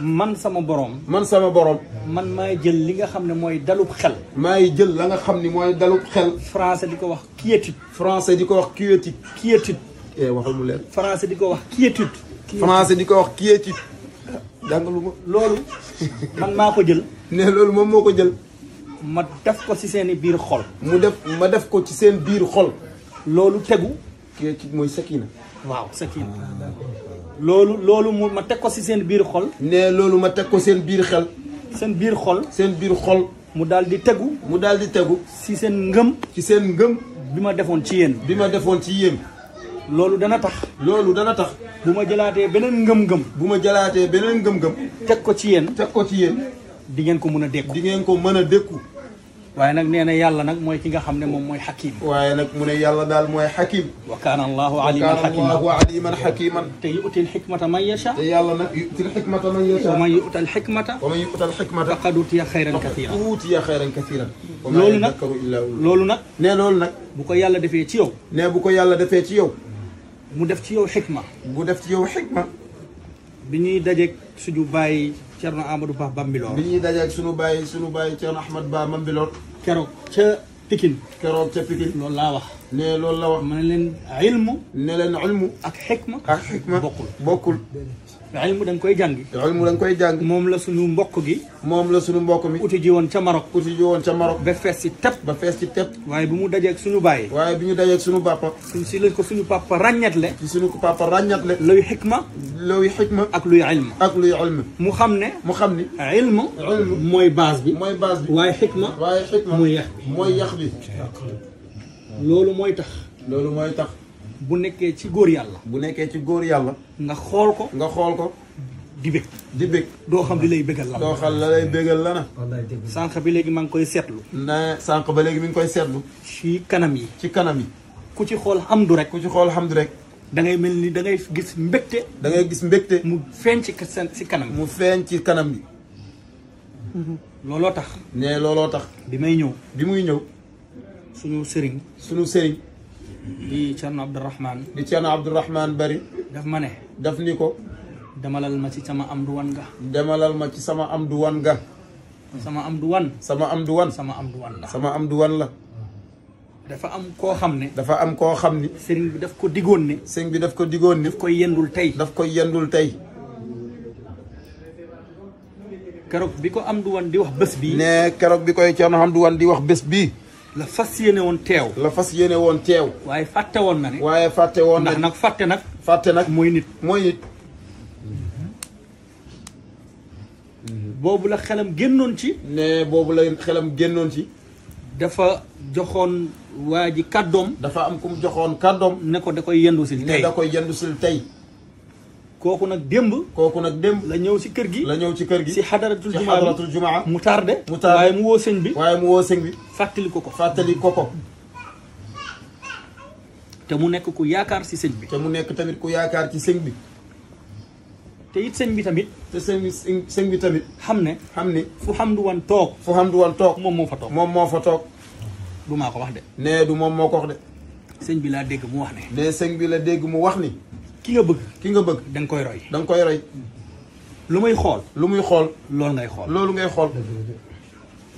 man sama borom. man sama borom. man maay jël li nga xam ne mooy dalub xel. maay jël la nga xam ni mooy dalub xel. français di ko wax quiétude. français di ko wax quiétude. quiétude. eh waxal mu di ko wax quiétude. français di ko wax quiétude. jàngalu ma loolu man maa ko jël. ne loolu moom moo ko jël. ma def ko ci seen biir xol. mu def ma def ko ci seen biir xol. loolu tegu. quiétude mooy sakina. waaw sakina. loolu loolu mu ma teg ko si seen biir xol. ne loolu ma teg ko seen biir xel. seen biir xol. seen biir xol. mu daal di tegu. mu daal di tegu. si seen ngëm. ci seen ngëm. bi ma defoon ci yéen. bi ma defoon ci yéen. loolu dana tax. loolu dana tax. bu ma jëlaatee beneen ngëm-ngëm. bu ma jalaatee beneen ngëm-ngëm. teg ko ci yéen. teg ko ci yéen. di ngeen ko mën a dékku. di ngeen ko mën a dékku. waaye nag nee na yàlla nag mooy ki nga xam ne moom mooy xakim waaye nag mu ne yàlla daal mooy xakim wa kaana allahu aliman xakiman allahu aliman xakiman te yu'til xikmata man yasha te yàlla nag yu'til xikmata man yasha wa man yu'tal xikmata wa man yu'tal xikmata faqad utiya xayran kathiran faqad utiya xayran kathiran loolu nag loolu nag ne loolu nag bu ko yàlla defee ci yow ne bu ko yàlla defee ci yow mu def ci yow xikma bu def ci yow xikma bi ñuy dajeeg suñu bàyyi Cerno Amadou Ba Bambilor bi ñuy dajeeg sunu bàyyi sunu bàyyi Cerno Ahmad Ba Bambilor keroog ca Pikine keroog ca Pikine loolu laa wax ne loolu la wax ma ne leen ilmu ne leen ilmu ak xikma ak xikma bokkul bokkul ilmu da nga koy jàngi ilmu da nga koy jàng moom la suñu mbokk gi moom la suñu mbokk mi uti ji woon ca Maroc uti ji woon ca Maroc ba fees si tep ba fees si tep waaye bu mu dajeeg suñu bàyyi waaye bi ñu dajeeg suñu papa suñ si lañ ko suñu papa ràññatle si suñu papa ràññatle luy xikma luy xikma ak luy ilm ak luy ilm mu xam ne mu xam ni ilm ilm mooy base bi mooy base bi waaye xikma waaye xikma mooy yax bi mooy yax bi loolu mooy tax loolu mooy tax bu nekkee ci góor yàlla. bu nekkee ci góor yàlla. nga xool ko. nga xool ko. di bëgg. di bëgg. doo xam li lay bëggal la. la lay bëggal la na. sànq bi léegi maa ngi koy seetlu. na sànq ba léegi mi ngi koy seetlu. ci kanam yi. ci kanam yi. ku ci xool du rek. ku ci xool xam hamdu rek. da ngay mel ni dangay ngay gis mbégte. da ngay gis mbégte. mu feeñ ci si kanam. mu feeñ ci kanam yi looloo tax. ne looloo tax. bi may ñëw. bi muy ñëw. suñu sëriñ. suñu sëriñ. di Thierno Abdourahmane di Thierno Abdourahmane Bari daf ma ne daf ni ko damalal ma ci sama am du wan nga demalal ma ci sama am du wan nga sama am du wan sama am du wan sama am du wan la am du wan la dafa am koo xam ne dafa am koo xam ni sëriñ bi daf ko digoon ne sëriñ bi daf ko digoon ne daf koy yendul tey daf koy yendul tey keroog bi ko am du wan di wax bés bii ne keroog bi ko Thierno am du wan di wax bés bii la fas yéene woon teew la fas yéene woon teew waaye fàtte woon na ne waaye fàtte woon na ndax nag fàtte nag fàtte nag mooy nit mooy nit boobu la xelam génnoon ci ne boobu la xelam génnoon ci dafa joxoon waa ji kàddoom dafa am ku mu joxoon kàddoom ne ko da koy yendu si tey ne da koy yendu sil tey kooku nag démb kooku nag démb la ñëw si kër gi la ñëw ci kër gi si xadaratul jumaa mu tardé mu tardé waaye mu woo sëñ bi waaye mu woo sëñ bi fàttali ko ko fàttali ko ko te mu nekk ku yaakaar si sëñ bi te mu nekk tamit ku yaakaar ci sëñ bi te it sëñ bi tamit te sëñ tamit xam ne xam ne fu xam du wan toog fu xam du wan toog moom moo fa toog moom moo fa toog du maa ko wax de ne du moom moo ko wax de sëñ bi laa dégg mu wax ne ne sëñ bi la dégg mu wax ni ki nga bëgg. ki nga bëgg da nga koy roy. da nga koy roy. lu muy xool. lu muy xool. loolu ngay xool. loolu ngay xool.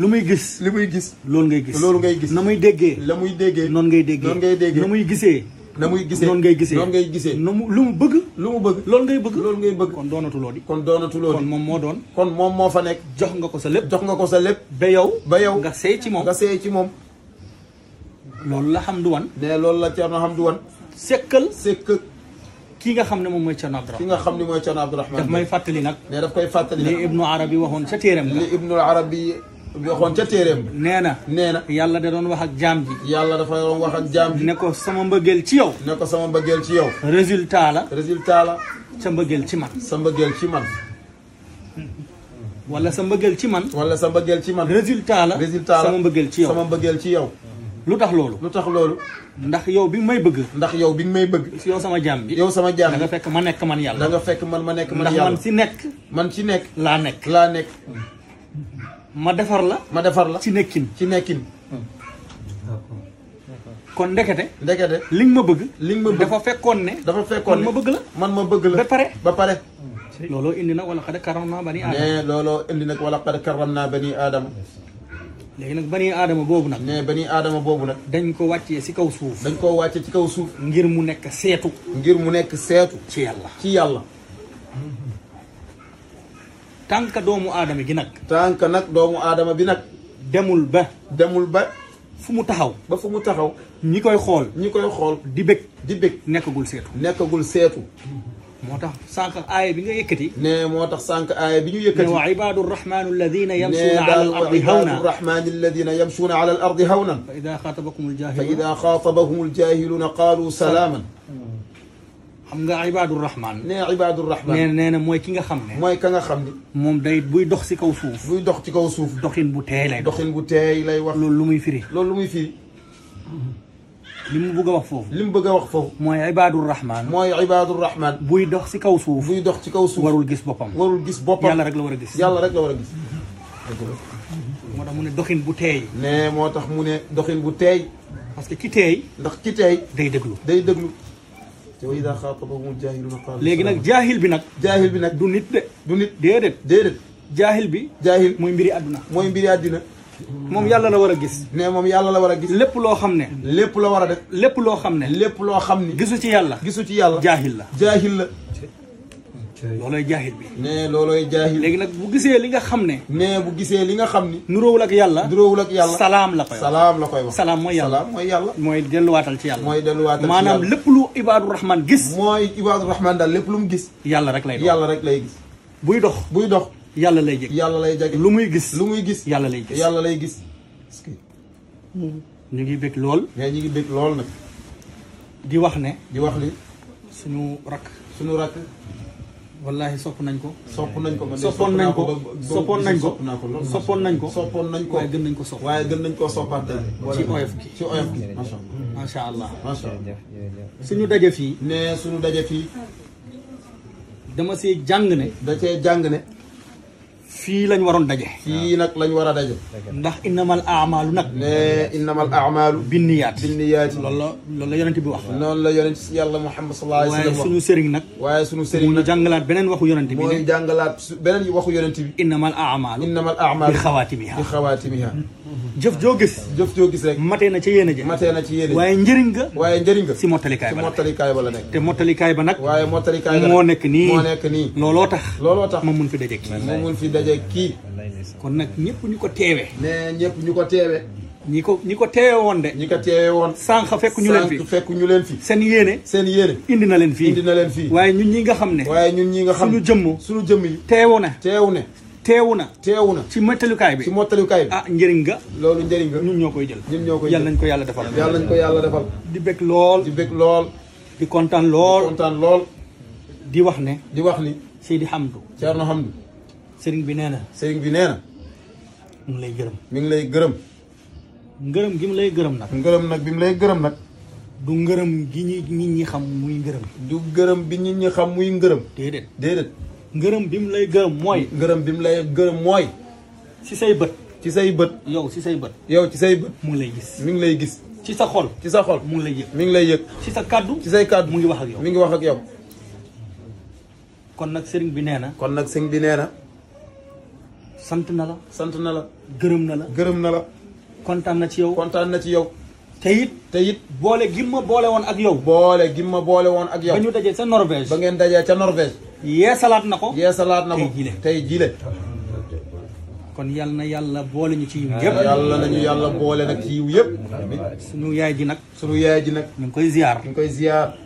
lu muy gis. li muy gis. loolu ngay gis. loolu ngay gis. na muy déggee. la muy déggee. noonu ngay déggee. noonu ngay déggee. na muy gisee. na muy gisee noonu ngay gisee. noonu ngay gisee. na mu lu mu bëgg. lu mu bëgg. loolu ngay bëgg. loolu ngay bëgg. kon doonatuloo di. kon doonatuloo di kon moom moo doon. kon moom moo fa nekk. jox nga ko sa lépp. jox nga ko sa lépp. ba yow. ba yow nga seey ci moom. nga seey ci moom. loolu la Hamdouane. mais loolu la Thierno Hamdouane. sekkal sekkal. kii nga xam ne moom mooy ca Abdourahmane. kii nga ne mooy Thierno Abdourahmane. daf may fàttali nag. ne daf koy fàttali nag li Ibnu Arabi waxoon ca téeram li Ibnu Arabi waxoon ca téeréem nee na nee na yàlla da doon wax ak jaam ji yàlla dafa doon wax ak jaam ji ne sama mbëggeel ci yow ne ko sama mbëggeel ci yow résultat la résultat la sa mbëggeel ci man sa mbëggeel ci man wala sa mbëggeel ci man wala sa mbëggeel ci man résultat la résultat la sama mbëggeel ci yow mbëggeel ci yow lu tax loolu lu tax loolu ndax yow bi may bëgg ndax yow bi may bëgg si yow sama jaam bi yow sama jaam bi nga fekk ma nekk man yàlla da nga fekk man ma nekk man yàlla ndax man nekk man si nekk laa nekk laa nekk ma defar la ma defar la ci nekkin ci nekkin kon ndekete li nga ma bëgg li nga ma bëgg dafa fekkoon ne dafa fekkoon ne ma bëgg la man ma bëgg la ba pare ba pare looloo indi nag wala xad karam naa bani ni looloo indi nag wala xad karam naa bani aadama léegi nag bani aadama boobu nag. ne bani aadama boobu nag. dañ ko wàccee ci kaw suuf. dañ koo wàccee ci kaw suuf. ngir mu nekk seetu. ngir mu nekk seetu. ci yàlla ci yàlla. tànk doomu aadama gi nag. tànk nag doomu aadama bi nag. demul ba. demul ba. fu mu taxaw ba fu mu taxaw. ñi koy xool. ñi koy xool di bëgg. di bëgg nekkagul seetu. nekkagul seetu. moo tax sànq aaya bi nga yëkkati ne moo tax sànq aaya bi ñu yëkkati wa ibadu rahmani alladina yamsuna ala al ardi hawna ibadu rahmani alladina yamsuna ala al ardi hawnan fa ida xaatabahum aljahilun fa ida xaatabahum aljahiluna qaalu salaaman xam nga ibadu rahman ne ibadu rahman nee nee na mooy ki nga xam ne mooy ka nga xam ni moom day buy dox si kaw suuf buy dox ci kaw suuf doxin bu teey lay doxin bu teey lay wax loolu lu muy firi loolu lu muy firi li mu bëgg a wax foofu li mu bëgg a wax foofu mooy ibaadu rahman mooy ibaadu rahman buy dox ci kaw suuf buy dox ci kaw suuf warul gis boppam warul gis boppam yàlla rek la war a gis yàlla rek la war a gis moo tax mu ne doxin bu teey ne moo tax mu ne doxin bu teey parce que ki teey ndax ki teey day déglu day déglu te wa idaa xaatabahum jaahiluna qaalu léegi nag jaahil bi nag jaahil bi nag du nit de du nit déedéet déedéet jaahil bi jaahil mooy mbiri àdduna mooy mbiri àddina moom yàlla la war a gis ne moom yàlla la war a gis lépp loo xam ne lépp la war a def lépp loo xam ne lépp loo xam ne gisu ci yàlla gisu ci yàlla jaahil la jaahil la loolooy jaahil bi ne loolooy jaahil léegi nag bu gisee li nga xam ne ne bu gisee li nga xam ni nuróowul ak yàlla nuróowul ak yàlla salaam la koy salaam la koy wax salaam mooy yàlla mooy yàlla mooy delluwaatal ci yàlla mooy delluwaatal ci yàlla maanaam lépp lu ibaadu rahman gis mooy ibaadu rahman daal lépp lu mu gis yàlla rek lay yàlla rek lay gis buy dox buy dox yàlla lay jege yàlla lay jege lu muy gis lu muy gis yàlla lay gis yàlla lay gis ñu ngi bëgg lool mais ñu ngi bëgg lool nag di wax ne di wax li suñu rakk suñu rakk wallahi sopp nañ ko sopp nañ ko soppoon nañ ko soppoon nañ ko soppoon nañ ko soppoon nañ ko waaye gën nañ ko sopp waaye gën nañ koo soppaat ci oyof gi ci oyof gi macha allah macha allah suñu daje fii ne suñu daje fii dama see jàng ne da cee jàng ne fii lañ waroon daje. fii nag lañ war a daje. ndax innamal aamaalu nag. nee innamal aamaalu. binniyaat binniyaat. loolu la loolu la yonent bi wax. noonu la yonent si yàlla Muhammad sallallahu alayhi wa sallam waaye sunu sëriñ nag. waaye sunu sëriñ nag mu jàngalaat beneen waxu yonent bi. mooy jàngalaat beneen waxu yonent bi. innamal aamaalu. innamal aamaalu bi xawaatimiha bi xawaatimiha jëf joo gis jëf joo gis rek matee na ci yéene ja matee na ci yéene waaye njëriñ nga waaye njëriñ ga si mottalikaay ba si mottalikaay ba la nekk te mottalikaay ba nag waaye mottalikaay ba moo nekk nii moo nekk nii looloo tax looloo tax ma mun fi daje kii ma mun fi daje kii kon nag ñëpp ñu ko teewe ne ñëpp ñu ko teewe ñi ko ñi ko teewe woon de ñi ko teewe woon sànq fekk ñu leen fi fekk leen fi seen yéene seen yéene indi na leen fii indi leen fii waaye ñun ñi nga xam ne waaye ñun ñi nga xam suñu jëmm suñu jëmm yi teewu na teewu ne teewu na teewu na ci mottalukaay bi mottalukaay bi ah njëriñ nga loolu njëriñ nga ñun ñoo koy jël ñun ñoo koy jël yàlla nañ ko yàlla defal yàlla nañ ko yàlla defal di bég lool di bég lool di kontaan lool kontaan lool di wax ne di wax ni Seydi Hamdou Thierno Hamdou sëriñ bi nee na sëriñ bi nee na mu lay gërëm mi ngi lay gërëm ngërëm gi mu lay gërëm nag ngërëm nag bi mu lay gërëm nag du ngërëm gi ñi nit xam muy ngërëm du gërëm bi nit ñi xam muy ngërëm déedéet déedéet ngërëm bi mu lay gërëm mooy. ngërëm bi mu lay gërëm mooy. ci say bët. ci say bët. yow ci say bët. yow ci say bët. mu ngi lay gis mi ngi lay gis. ci sa xol ci sa xol. mu ngi lay yëg mi ngi lay yëg. ci sa kàddu ci say kàddu mu ngi wax ak yow mi ngi wax ak yow. kon nag sëriñ bi nee na. kon nag sëriñ bi nee sant na la. sant na la. gërëm na la. gërëm na la. kontaan na ci yow kontaan na ci yow. te it te it boole gi ma boole woon ak yow boole gi ma boole woon ak yow ba ñu dajee ca Norvège ba ngeen dajee ca yee salaat na ko salaat na ko tey jile kon yal na yàlla boole ñu ci yiw yëpp yàlla nañu yàlla boole nag ci yëpp suñu yaay ji nag suñu yaay ji nag ñu ngi koy ziyaar ñu ngi koy ziyaar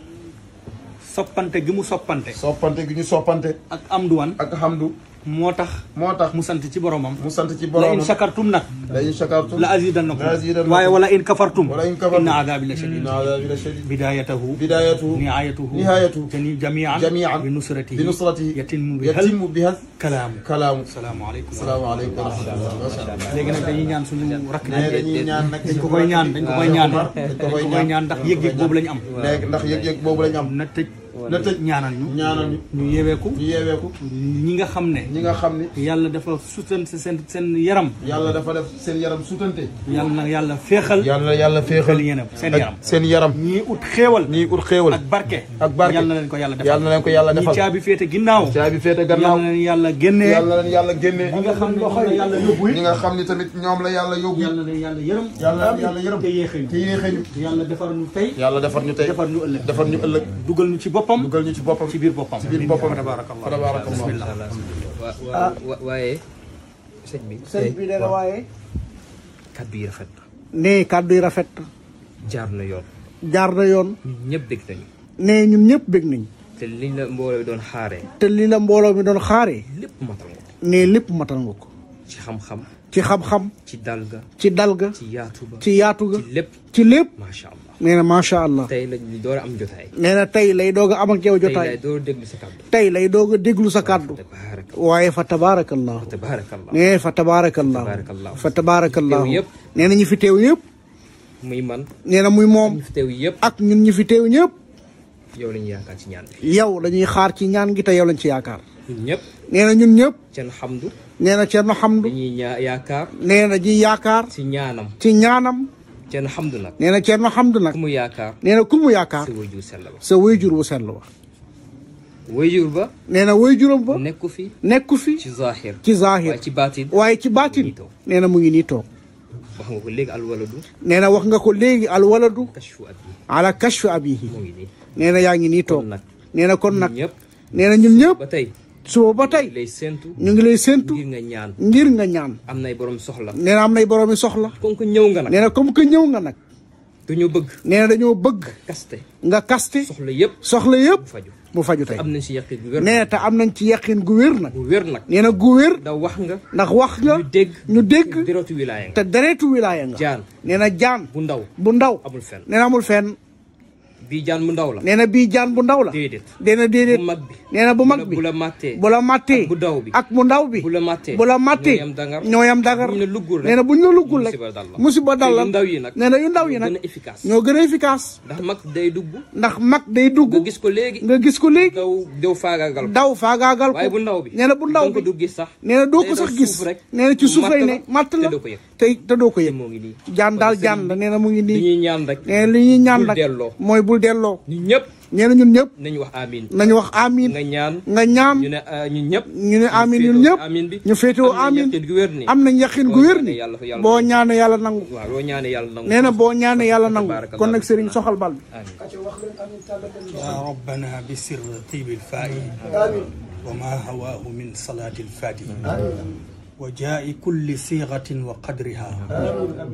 soppante gi mu soppante soppante gi ñu soppante ak Amdu wan ak Amdu moo tax moo tax mu sant ci boromam mu sant ci boromam la in shakartum nag la in shakartum la azidannakum waaye wala in kafartum wala in kafartum inna adabi la shadid inna adabi la shadid bidayatuhu bidayatuhu nihayatuhu nihayatuhu jami'an jami'an bi nusratihi bi nusratihi yatimu bihal yatimu bihal kalaamu kalaamu salaamu aleykum salaamu aleykum wa rahmatullah léegi nag dañuy ñaan suñu rakk dañuy ñaan nag dañ ko koy ñaan dañ ko koy ñaan dañ ko koy ñaan ndax yëg-yëg boobu lañ am ndax yëg-yëg boobu lañ am na tëj na tëj ñaanal ñu ñaanal ñu ñu yeeweeku ñu yeeweeku ñi nga xam ne ñi nga xam ne yàlla dafa sutante seen seen yaram yàlla dafa def seen yaram sutante yàlla na yàlla féexal yàlla yàlla féexal yéen seen yaram seen yaram ñii ut xéewal ñii ut xéewal ak barke ak barke yàlla na leen ko yàlla defal yàlla ko yàlla defal ñi caabi féete ginnaaw caabi féete gannaaw yàlla na leen yàlla génnee yàlla na leen yàlla génnee ñi nga xam ne ñoom la yàlla yóbbu ñi nga xam ne tamit ñoom la yàlla yóbbu yàlla na leen yàlla yërëm yàlla yàlla yërëm te yéexee ñu te yéexee ñu yàlla defar ñu tey yàlla defar ñu tey defar ñu ëllëg defar ñu ëllëg dugal ñu ci bopp boppam dugal ci boppam ci biir boppam. ci biir boppam tabarakallah tabarakallah bismillah ah. waaye sëñ bi sëñ bi dana waaye kaddu yi rafet na nee kaddu yi rafet jaar na yoon jaar na yoon ñun ñëpp bég nañu nee ñun ñëpp bég nañu te li la mbooloo mi doon xaare te li la mbooloo mi doon xaaree lépp nee lépp matal nga ci xam-xam ci xam ci dal ga ci lépp ci lépp allah nee na macha allah. tey la ñu door a na tey lay doog a am ak yow jotaay. tey lay doog a déglu sa kàddu. tey lay doog déglu sa kàddu. waaye fa tabaarakallah. fa tabaarakallah nee fa tabaarakallah. fa tabaarakallah nee na ñi fi teew yëpp. muy man. nee na muy moom. ñi yëpp. ak ñun ñi fi teew ñëpp. yow la ñuy yaakaar ci ñaan gi. yow la ñuy xaar ci ñaan gi te yow lañ ci yaakaar. ñun ñëpp. nee na ñun ñëpp. seen xamdu. nee na seen xamdu. dañuy yaakaar. nee na ji yaakaar. ci ñaanam. Ceerno Hamdu nag nee na Ceerno Hamdu nag. ku mu yaakaar nee na ku mu yaakaar. sa wayjur sell ba sa wayjur bu sell ba. wayjur ba. nee na wayjuram ba. nekku fi nekku fi. ci zaahir ci zaahir waaye ci baatin. waaye ci baatin nee na mu ngi nii toog. wax nga ko léegi alwaladu. nee na wax nga ko léegi alwaladu. kashfu abi ala kashfu abihi. nee na yaa ngi nii toog nee na kon nag. nee na ñun ñëpp ba tey. suba ba tey ñu ngi lay séentu ngir nga ñaan ngir nga ñaan. am nay borom soxla. nee am nay borom soxla. comme que ñëw nga nag nee na comme que ñëw nga nag. dañoo bëgg. nee na dañoo bëgg. kaste nga kaste. soxla yëpp soxla yëpp. mu faju tey am nañ ci yaqin gu wér. nee am nañ ci yaqin gu wér nag. gu wér nag nee na gu wér. ndax wax nga. ndax wax nga ñu ñu dégg te deretu wilaaya nga. te deretu wilaaya jaan nee na jaan. bu ndaw bu ndaw. amul fenn nee amul fen bii jaan bu ndaw la. nee na bii jaan bu ndaw la. déedéet nee mag bi. nee na bu mag bi bu la màttee bu la màttee bi ak bu ndaw bi bu la màttee bu la màttee ñoo yam dagar nee na bu ñu la luggul rek musiba dal la nee na yu ndaw yi nag ñoo gën a efficace ndax mag day dugg ndax mag day dugg nga gis ko léegi nga gis ko léegi daw faagaagal ko daw faagaagal ko waaye bu ndaw bi nee na bu ndaw bi du sax nee na doo sax gis nee na ci suuf lay ne màtt la tey te doo ko yëg jaan daal jaan la nee na mu ngi nii nee na li ñuy ñaan rek mooy bul delloo ñëpp nee na ñun ñëpp nañu wax amiin nañu wax amiin nga ñaan nga ñaan ñu ne euh, ñun ñëpp ñu ne amiin ñun ñëpp ñu féetewoo amiin am nañ yaqin gu wér ni boo ñaane yàlla nangu nee na boo ñaane yàlla nangu kon nag sëriñ soxal bal bi ya rabbana bi sirri tibil faa'i wa ma hawaahu min salaatil faatihi wa jaa'i kulli siixatin wa qadriha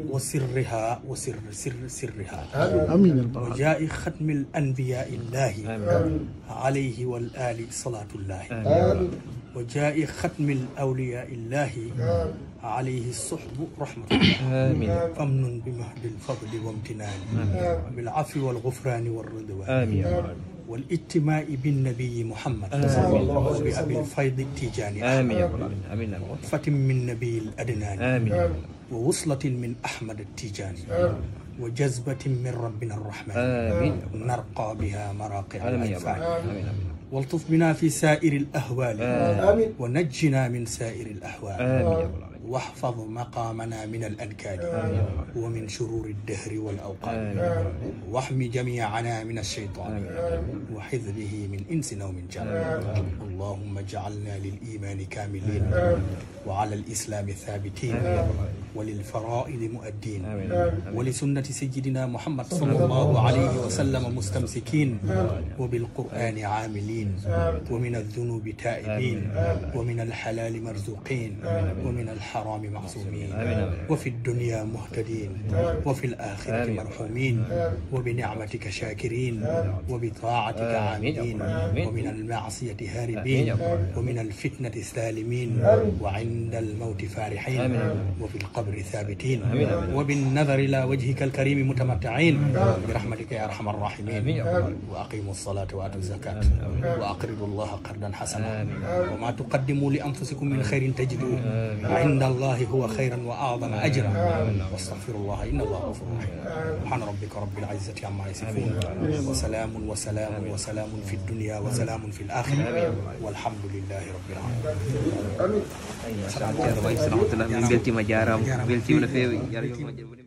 wa sirriha wa sir sir sirriha wa jaa'i xatmil anbiyaa'i llaahi alayhi wa aali salaatullaahi wa jaa'i xatmil awliyaa'i llaahi alayhi suhbu rahmatullah famnun bi mahdil fadli wamtinaani bil afwi wal gufraani war ridwaan wal ijtimaa'i bin nabiyyi Muhammad bi abil faydi tijaani amiin fatim min nabiyil adnaani amiin wa wuslatin min ahmad tijaani wa jazbatin min rabbina arrahmaani narqaa biha maraqi al-af'aali waltuf binaa fi saa'iri al-ahwaali wa najjinaa min saa'iri al-ahwaali واحفظ مقامنا من الأنكال ومن شرور الدهر والأوقات واحمي جميعنا من الشيطان وحذبه من إنسنا ومن جان اللهم اجعلنا للإيمان كاملين وعلى الإسلام ثابتين وللفرائض مؤدين ولسنة سيدنا محمد صلى الله عليه وسلم مستمسكين وبالقرآن عاملين ومن الذنوب تائبين ومن الحلال مرزوقين ومن الحرام الحرام معصومين وفي الدنيا مهتدين وفي الآخرة مرحومين وبنعمتك شاكرين وبطاعتك عاملين ومن المعصية هاربين ومن الفتنة سالمين وعند الموت فارحين وفي القبر ثابتين وبالنذر إلى وجهك الكريم متمتعين برحمتك يا أرحم الراحمين وأقيموا الصلاة وآتوا الزكاة وأقرضوا الله قرضا حسنا وما تقدموا لأنفسكم من خير تجدوه عند allahi huwa xayran wa aadama ajra wa astaghfirullah inna allaha ghafurun rahim subhana rabbika rabbil izzati amma yasifun wa salaamun wa salaamun wa salaamun fi dunya wa salaamun fi al-akhirah walhamdulillahi rabbil alamin amin salaamu alaykum wa rahmatullahi wa barakatuh